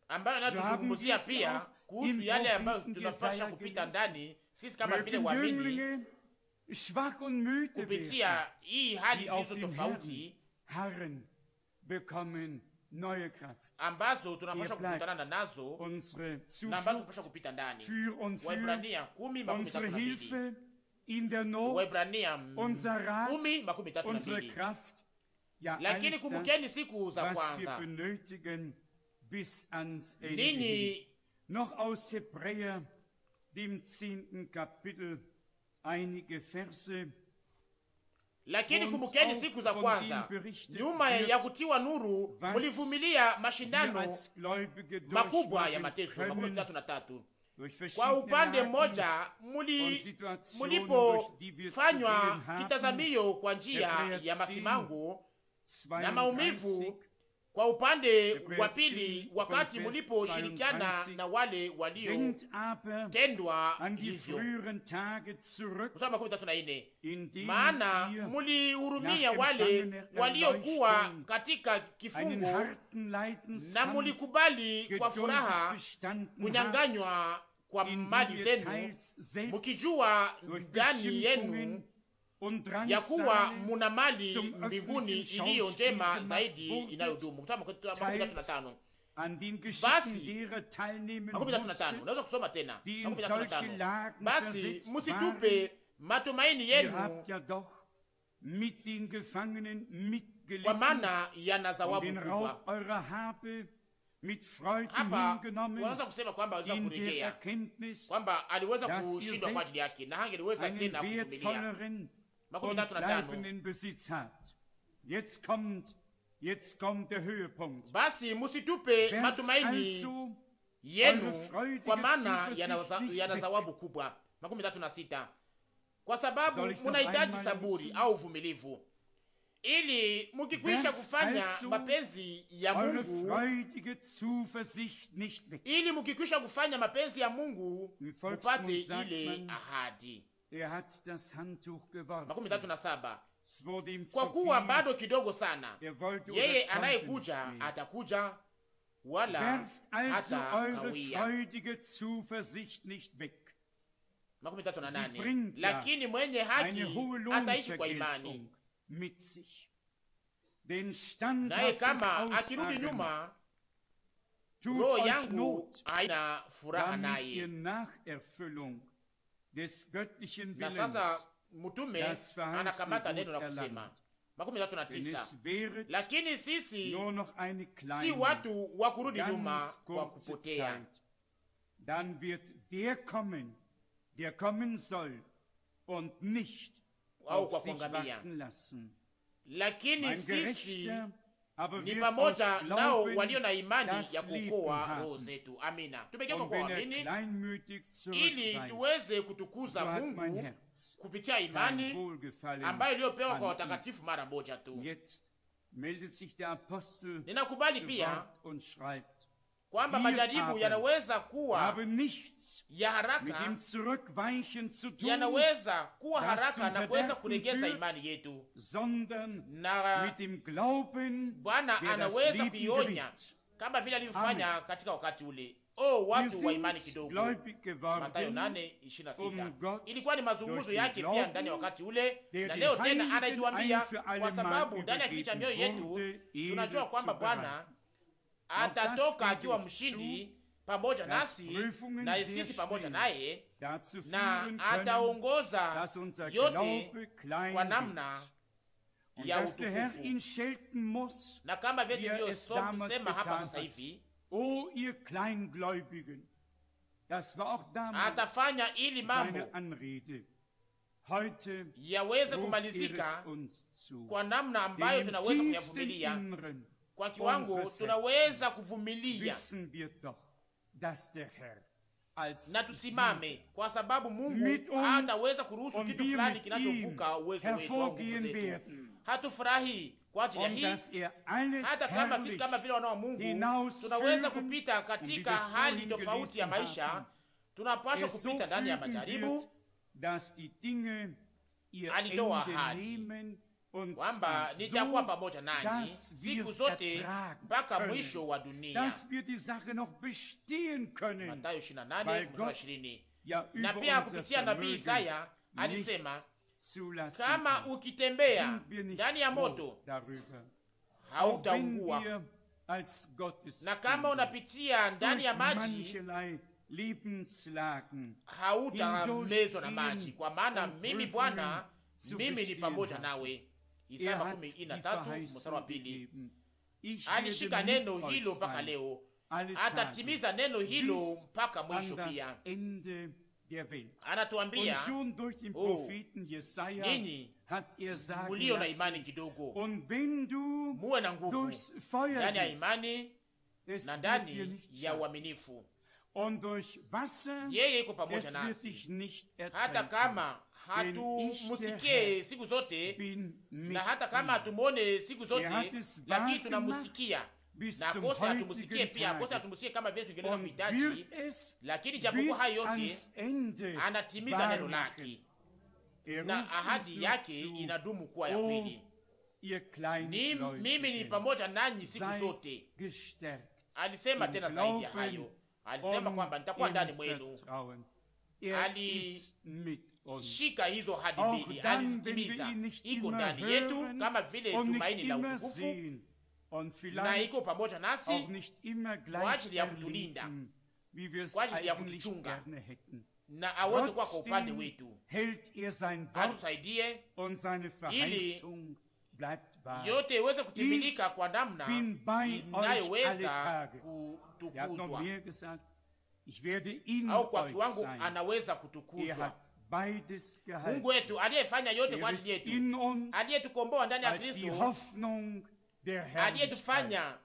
ambayo anatuzungumzia pia kuhusu yale ambayo tunapasha kupita ndani sisi kama vile waamini kupitia hii hali zilizo tofauti Herren bekommen neue kraft ambazo tunapasha kukutana nazo na ambazo tunapasha kupita ndani waibrania mm, kumi makumi tatu na mbili in der Not, Waibrania unser Rat, kumi mbili Kraft, ja lakini kumbukeni siku za kwanza bis ans Ende ninyi noch aus Hebräer dem zehnten Kapitel einige Verse Lakini kumbukeni siku za kwanza, nyuma ya kutiwa nuru, mulivumilia mashindano makubwa ya mateso. makumi tatu na tatu kwa upande mmoja mulipofanywa kitazamio kwa njia ya masimango na maumivu kwa upande wa pili, wakati mliposhirikiana na wale waliotendwa hivyo, maana mulihurumia wale waliokuwa katika kifungo na mulikubali kwa furaha kunyang'anywa kwa mali zenu, mukijua ndani yenu ya kuwa muna mali mbinguni iliyo njema zaidi inayodumu. Unaweza kusoma tena. Basi musitupe matumaini yenu kwa maana yana zawabu kubwa. Hapa wanaweza kusema kwamba aliweza kuregea, kwamba aliweza kushindwa kwa ajili yake na hangeliweza tena kuvumilia makumi tatu na tano basi musitupe matumaini yenu kwa maana yana zawabu kubwa. makumi tatu na sita kwa sababu munahitaji saburi au uvumilivu ili mukikwisha kufanya mapenzi ya Mungu, ili mukikwisha kufanya mapenzi ya Mungu mupate ile ahadi. Er makumi tatu na saba kwa kuwa bado kidogo sana, er yeye anayekuja atakuja wala hata kawia. Makumi tatu na nane. Lakini mwenye haki ataishi kwa imani, naye kama akirudi nyuma, roho yangu haina furaha naye na sasa mtume anakamata neno na kusema makumi tatu na tisa lakini sisi si watu wa kurudi nyuma kwa kupotea dann wird der kommen, der kommen soll und nicht auf sich warten lassen. Lakini sisi ni pamoja nao walio na imani ya kuokoa roho zetu. Amina. Tumegeuka kwa waamini ili tuweze kutukuza Mungu kupitia imani ambayo iliyopewa kwa watakatifu mara moja tu. Ninakubali pia kwamba majaribu yanaweza kuwa ya haraka, yanaweza kuwa haraka na kuweza kuregeza imani yetu, na Bwana anaweza kuionya kama vile alivyofanya katika wakati ule. Oh, watu wa imani kidogo. Mathayo 8:26. Um Ilikuwa ni mazungumzo yake pia ndani ya wakati ule, na leo tena anaituambia, kwa sababu ndani ya kiti cha mioyo yetu tunajua kwamba Bwana atatoka akiwa mshindi pamoja nasi na sisi pamoja naye, na ataongoza yote kwa namna ya utukufu. Na kama vile tulivyosema hapa sasa hivi, atafanya ili mambo yaweze kumalizika kwa namna ambayo tunaweza kuyavumilia kwa kiwango tunaweza kuvumilia na tusimame, kwa sababu Mungu hataweza kuruhusu kitu fulani kinachovuka uwezo wetu nguvu zetu. Hatufurahi kwa ajili ya um hii, er hata kama sisi kama vile wana wa Mungu tunaweza kupita katika hali tofauti ya maisha, tunapaswa kupita ndani ya majaribu. Alitoa ahadi kwamba nitakuwa pamoja nanyi siku zote mpaka mwisho wa dunia. Mathayo 28:20. Na pia kupitia nabii Isaya alisema kama ukitembea ndani ya moto hautaungua, na kama unapitia ndani ya maji hautamezwa na maji, kwa maana mimi Bwana, mimi ni pamoja nawe Isaya makumi ine na tatu mstari wa pili. Alishika neno hilo mpaka leo, atatimiza neno hilo mpaka mwisho. Pia anatuambia oh, ninyi er mulio na imani kidogo, muwe na nguvu ndani ya imani na ndani ya uaminifu. Yeye iko pamoja nasi hata kama hatumusikie siku zote, na hata kama hatumwone siku zote, lakini tunamusikia na kosa hatumusikie pia, kosa hatumusikie kama vile tungeleza kuhitaji, lakini japokuwa hayo yote anatimiza neno lake na ahadi yake inadumu kuwa ya kweli. Mimi ni pamoja nanyi siku zote, alisema tena zaidi ya hayo, alisema kwamba nitakuwa ndani mwenu er ali shika hizo hadi mbili alizitimiza, iko ndani yetu kama vile tumaini la utukufu, na iko pamoja nasi kwa ajili ya kutulinda, kwa ajili ya kutuchunga na aweze kuwa kwa upande wetu, er atusaidie ili yote iweze kutimilika kwa namna inayoweza er kutukuzwa, au kwa kiwango anaweza kutukuzwa. Er Mungu wetu aliyefanya yote kwa ajili yetu, aliyetukomboa ndani ya Kristo, aliyetufanya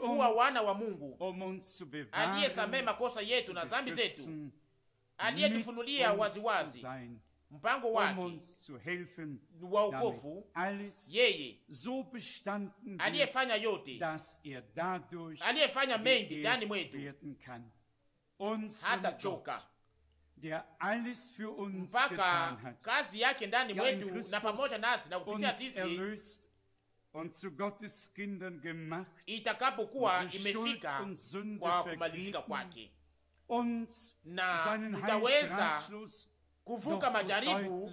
kuwa wana wa Mungu, aliyesamehe makosa yetu na zambi zetu, aliyetufunulia waziwazi mpango wake wa wokovu, yeye aliyefanya yote, er aliyefanya mengi ndani mwetu, hata choka mpaka kazi yake ndani mwetu na pamoja nasi na kupitia sisi itakapokuwa imefika kwa kumalizika kwake, na tutaweza kuvuka majaribu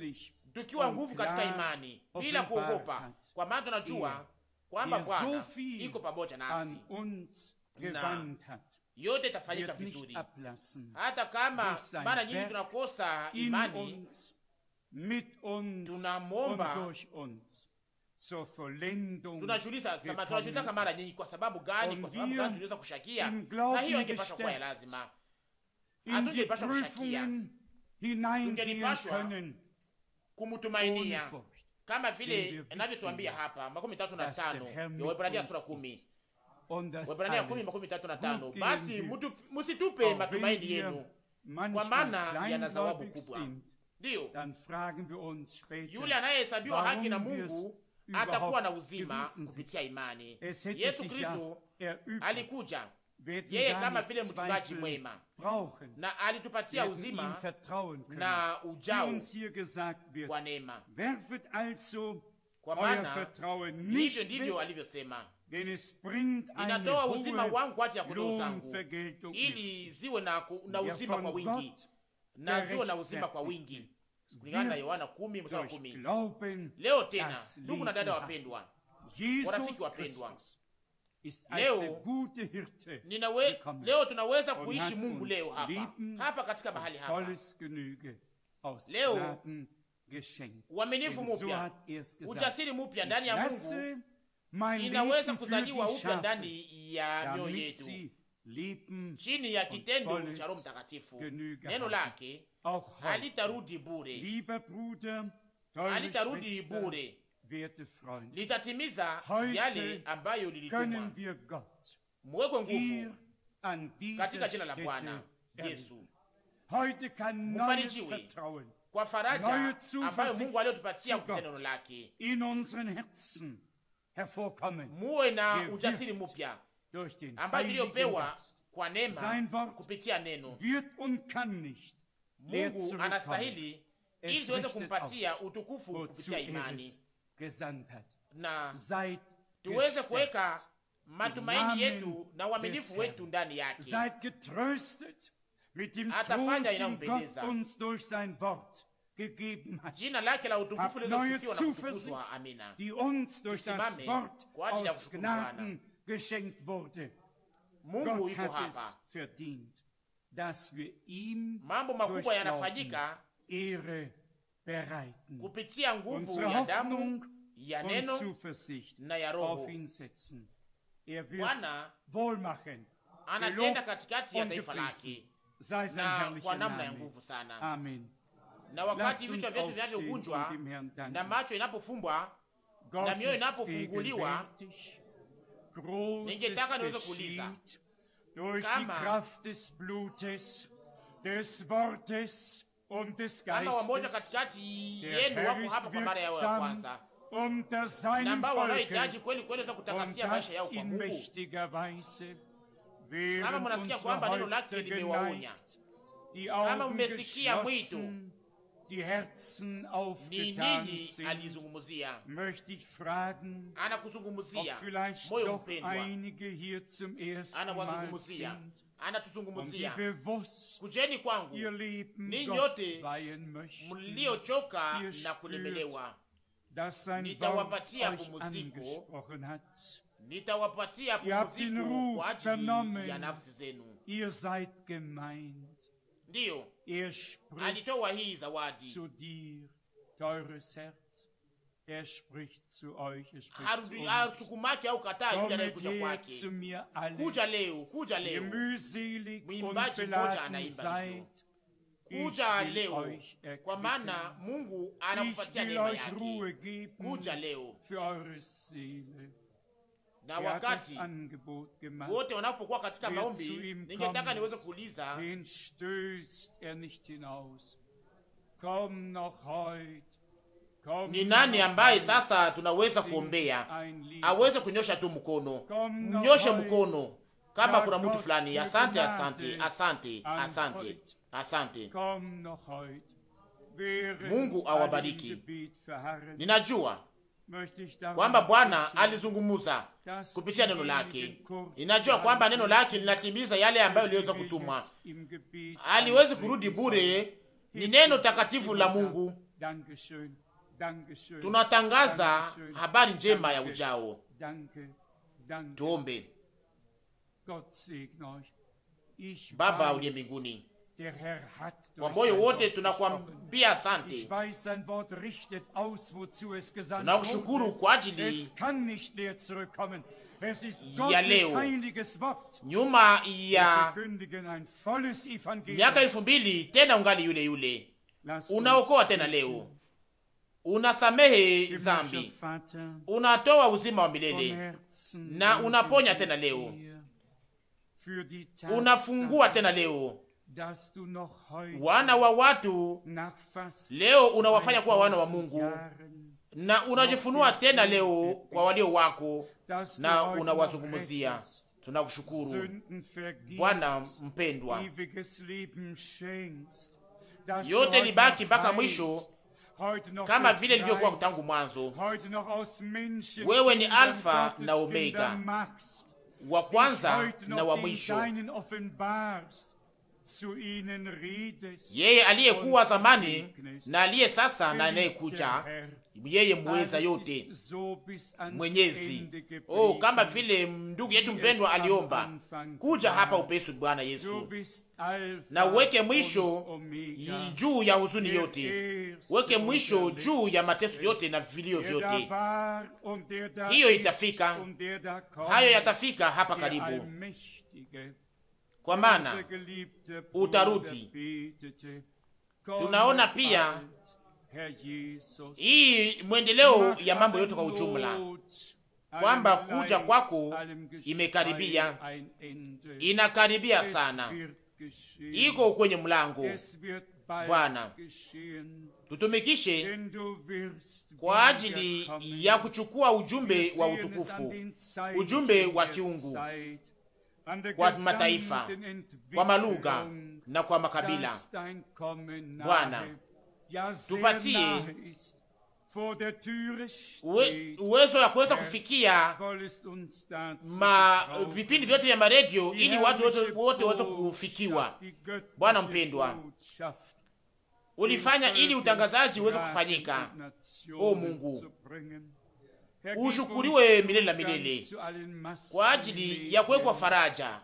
tukiwa nguvu katika imani bila kuogopa, kwa maana tunajua kwamba Bwana iko pamoja nasi na yote itafanyika vizuri, hata kama mara nyingi tunakosa imani. Tunamwomba, tunashughulika mara nyingi. Kwa sababu gani? Kwa sababu gani tunaweza kushakia? Na hiyo ingepashwa kuwa ya lazima, hatungepashwa kushakia, tungelipashwa kumtumainia kama vile inavyotuambia hapa makumi tatu na tano ya Waebrania sura kumi Waebrania kumi Basi msitupe matumaini yenu, kwa maana yana zawabu kubwa. Ndiyo, yule anayehesabiwa haki na Mungu atakuwa na uzima kupitia imani. Yesu Kristo alikuja yeye kama vile mchungaji mwema na alitupatia uzima na ujao wa neema, kwa maana hivyo ndivyo alivyosema inatoa uzima wangu kwa ajili ya kondoo zangu, ili ziwe na, na uzima kwa wingi na ziwe na uzima kwa wingi, kulingana na Yohana kumi Leo tena, ndugu na dada wapendwa, warafiki wapendwa, leo ninawe, leo tunaweza kuishi Mungu leo hapa hapa katika mahali hapa leo, uaminifu mupya, ujasiri mupya ndani ya Mungu inaweza kuzaliwa upya ndani ya mioyo yetu chini ya kitendo cha Roho Mtakatifu. Neno lake halitarudi bure, halitarudi bure, litatimiza yale ambayo lilitumwa. Muwekwe nguvu katika jina la Bwana Yesu. Mufarijiwe kwa faraja ambayo Mungu aliyotupatia kupitia neno lake muwe na ujasiri mupya ambayo iliyopewa kwa neema kupitia neno. Mungu anastahili ili tuweze kumpatia utukufu kupitia imani na tuweze kuweka matumaini yetu na uaminifu wetu ndani yake. Atafanya inampendeza gegeben hat. Jina lake la utukufu lililofikiwa na kutukuzwa. Amina. Die uns durch das Wort aus Gnaden geschenkt wurde. Mungu yuko hapa. Verdient, dass wir ihm mambo makubwa yanafanyika Ehre bereiten. Kupitia nguvu ya damu ya neno na ya roho. Er wird wohlmachend. Anatenda katikati ya taifa lake. Na kwa namna ya nguvu Amen. na wakati vichwa vyetu vinavyokunjwa na macho inapofumbwa na mioyo inapofunguliwa, ningetaka niweze kuuliza kama wamoja katikati yenu wako hapa kwa mara yao ya kwanza na ambao wanaohitaji kweli kweli za kutakasia maisha yao kwa Mungu, kama mnasikia kwamba neno lake limewaonya, kama mmesikia mwito die Herzen aufgetan sind, möchte ich fragen, ob vielleicht doch einige hier zum ersten Mal sind anatuzungumuzia um kujeni kwangu ninyi nyote mliochoka na kulemelewa, nitawapatia pumziko, nitawapatia pumziko kwa ajili ya nafsi zenu. Ndiyo, alitoa hii zawadi, er er hasukumaki ah, au kataa yule anayekuja kwake. Kuja leo, kuja leo. Mwimbaji mmoja anaimba kuja leo, kwa maana Mungu anakupatia neema yake. Kuja leo na wakati wote wanapokuwa katika maombi, ningetaka niweze kuuliza er ni nani ambaye sasa tunaweza kuombea aweze kunyosha tu mkono, mnyoshe mkono kama kuna mtu fulani. Asante, asante, asante, asante, asante. Mungu awabariki. Ninajua kwamba Bwana alizungumuza kupitia neno lake. Inajua kwamba neno lake linatimiza yale ambayo liweza kutumwa, aliwezi kurudi bure. Ni neno takatifu la Mungu. Tunatangaza habari njema ya ujao. Tuombe. Baba uliye mbinguni kwa moyo wote tunakwambia asante, tunakushukuru kwa ajili ya leo. Nyuma ya miaka elfu mbili tena ungali yule yule, unaokoa tena leo, unasamehe zambi, unatoa uzima wa milele na unaponya tena leo, unafungua tena leo wana wa watu leo unawafanya kuwa wana wa Mungu na unajifunua tena er leo kwa walio wako na unawazungumzia. Tunakushukuru Bwana mpendwa, yote libaki mpaka mwisho kama vile ilivyokuwa tangu mwanzo. Wewe ni Alfa na Omega, wa kwanza na wa mwisho yeye aliyekuwa zamani na aliye sasa na anayekuja, yeye mweza yote, Mwenyezi. Oh, kama vile ndugu yetu mpendwa aliomba, kuja hapa upesu Bwana Yesu, na uweke mwisho juu ya huzuni yote, uweke mwisho juu ya mateso yote na vilio vyote. Hiyo itafika, hayo yatafika hapa karibu kwa maana utarudi. Tunaona pia hii mwendeleo ya mambo yote kwa ujumla kwamba kuja kwako imekaribia, inakaribia sana, iko kwenye mlango. Bwana, tutumikishe kwa ajili ya kuchukua ujumbe wa utukufu, ujumbe wa kiungu kwa mataifa, kwa malugha na kwa makabila. Bwana, tupatie uwezo ya kuweza kufikia ma vipindi vyote vya maredio ili watu wote waweze kufikiwa. Bwana mpendwa, ulifanya ili utangazaji uweze kufanyika. O Mungu, ushukuriwe milele na milele kwa ajili ya kuwekwa faraja,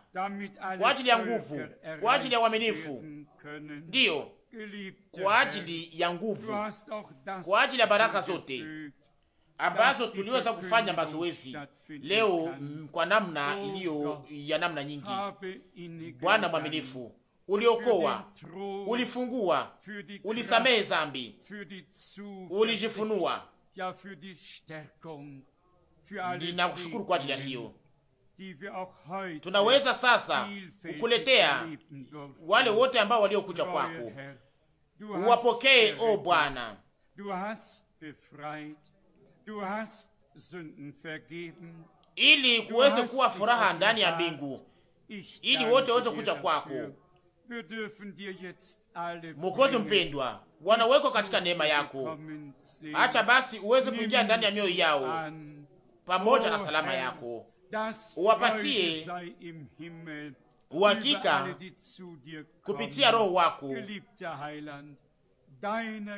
kwa ajili ya nguvu, kwa ajili ya uaminifu, ndiyo, kwa ajili ya nguvu, kwa ajili ya baraka zote ambazo tuliweza kufanya mazoezi leo mm, kwa namna iliyo ya namna nyingi. Bwana mwaminifu, uliokoa, ulifungua, ulisamehe zambi, ulijifunua Ninakushukuru kwa ajili ya hiyo. Tunaweza sasa kukuletea wale wote ambao waliokuja kwako, uwapokee o Bwana. Ili kuweze kuwa furaha ndani ya mbingu, ili wote waweze kuja kwako. Mwokozi mpendwa, wanawekwa katika neema yako. Acha basi uweze kuingia ndani ya mioyo yao pamoja na salama yako, uwapatie uhakika kupitia Roho wako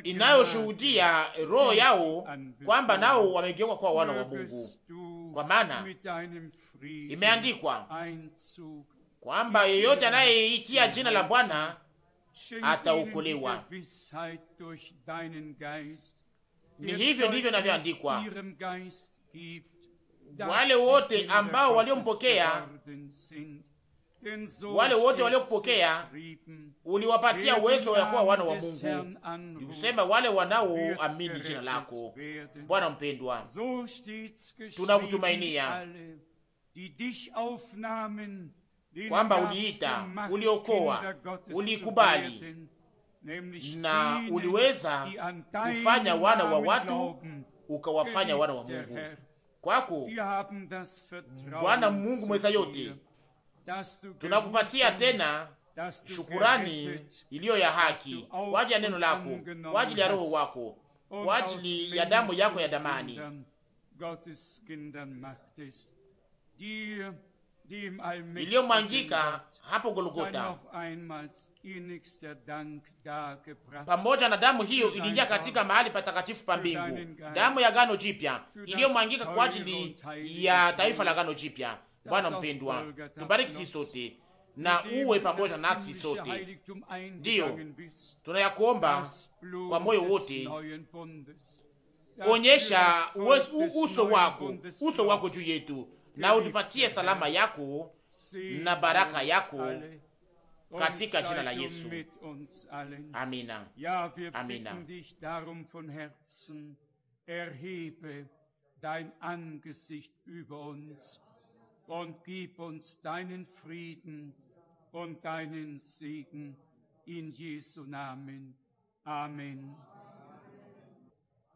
inayoshuhudia roho yao kwamba nao wamegeuka kuwa wana wa Mungu, kwa maana imeandikwa kwamba yeyote anayeitia jina la Bwana ataokolewa. Ni hivyo ndivyo navyoandikwa, wale wote ambao waliompokea, wale wote waliokupokea uliwapatia uwezo ya kuwa wana wa Mungu, nikusema wale wanaoamini jina lako. Bwana mpendwa, tunakutumainia kwamba uliita, uliokoa, ulikubali na uliweza kufanya wana wa watu ukawafanya wana wa Mungu. Kwako Bwana Mungu mweza yote, tunakupatia tena shukurani iliyo ya haki kwa ajili ya neno lako, kwa ajili ya roho wako, kwa ajili ya damu yako ya damani iliyomwangika hapo Golgota, pamoja na damu hiyo iliingia katika mahali patakatifu pa mbingu, damu ya gano jipya iliyomwangika kwa ajili ya taifa la gano jipya. Bwana mpendwa, tubariki sisi sote na uwe pamoja nasi sote. Ndiyo tunayakuomba kwa moyo wote, onyesha uso wako, uso wako juu yetu na utupatie salama yako na baraka yako katika jina la Yesu. Amina, amina. Erhebe dein Angesicht über uns und gib uns deinen Frieden und deinen Segen in Jesu Namen. Amen.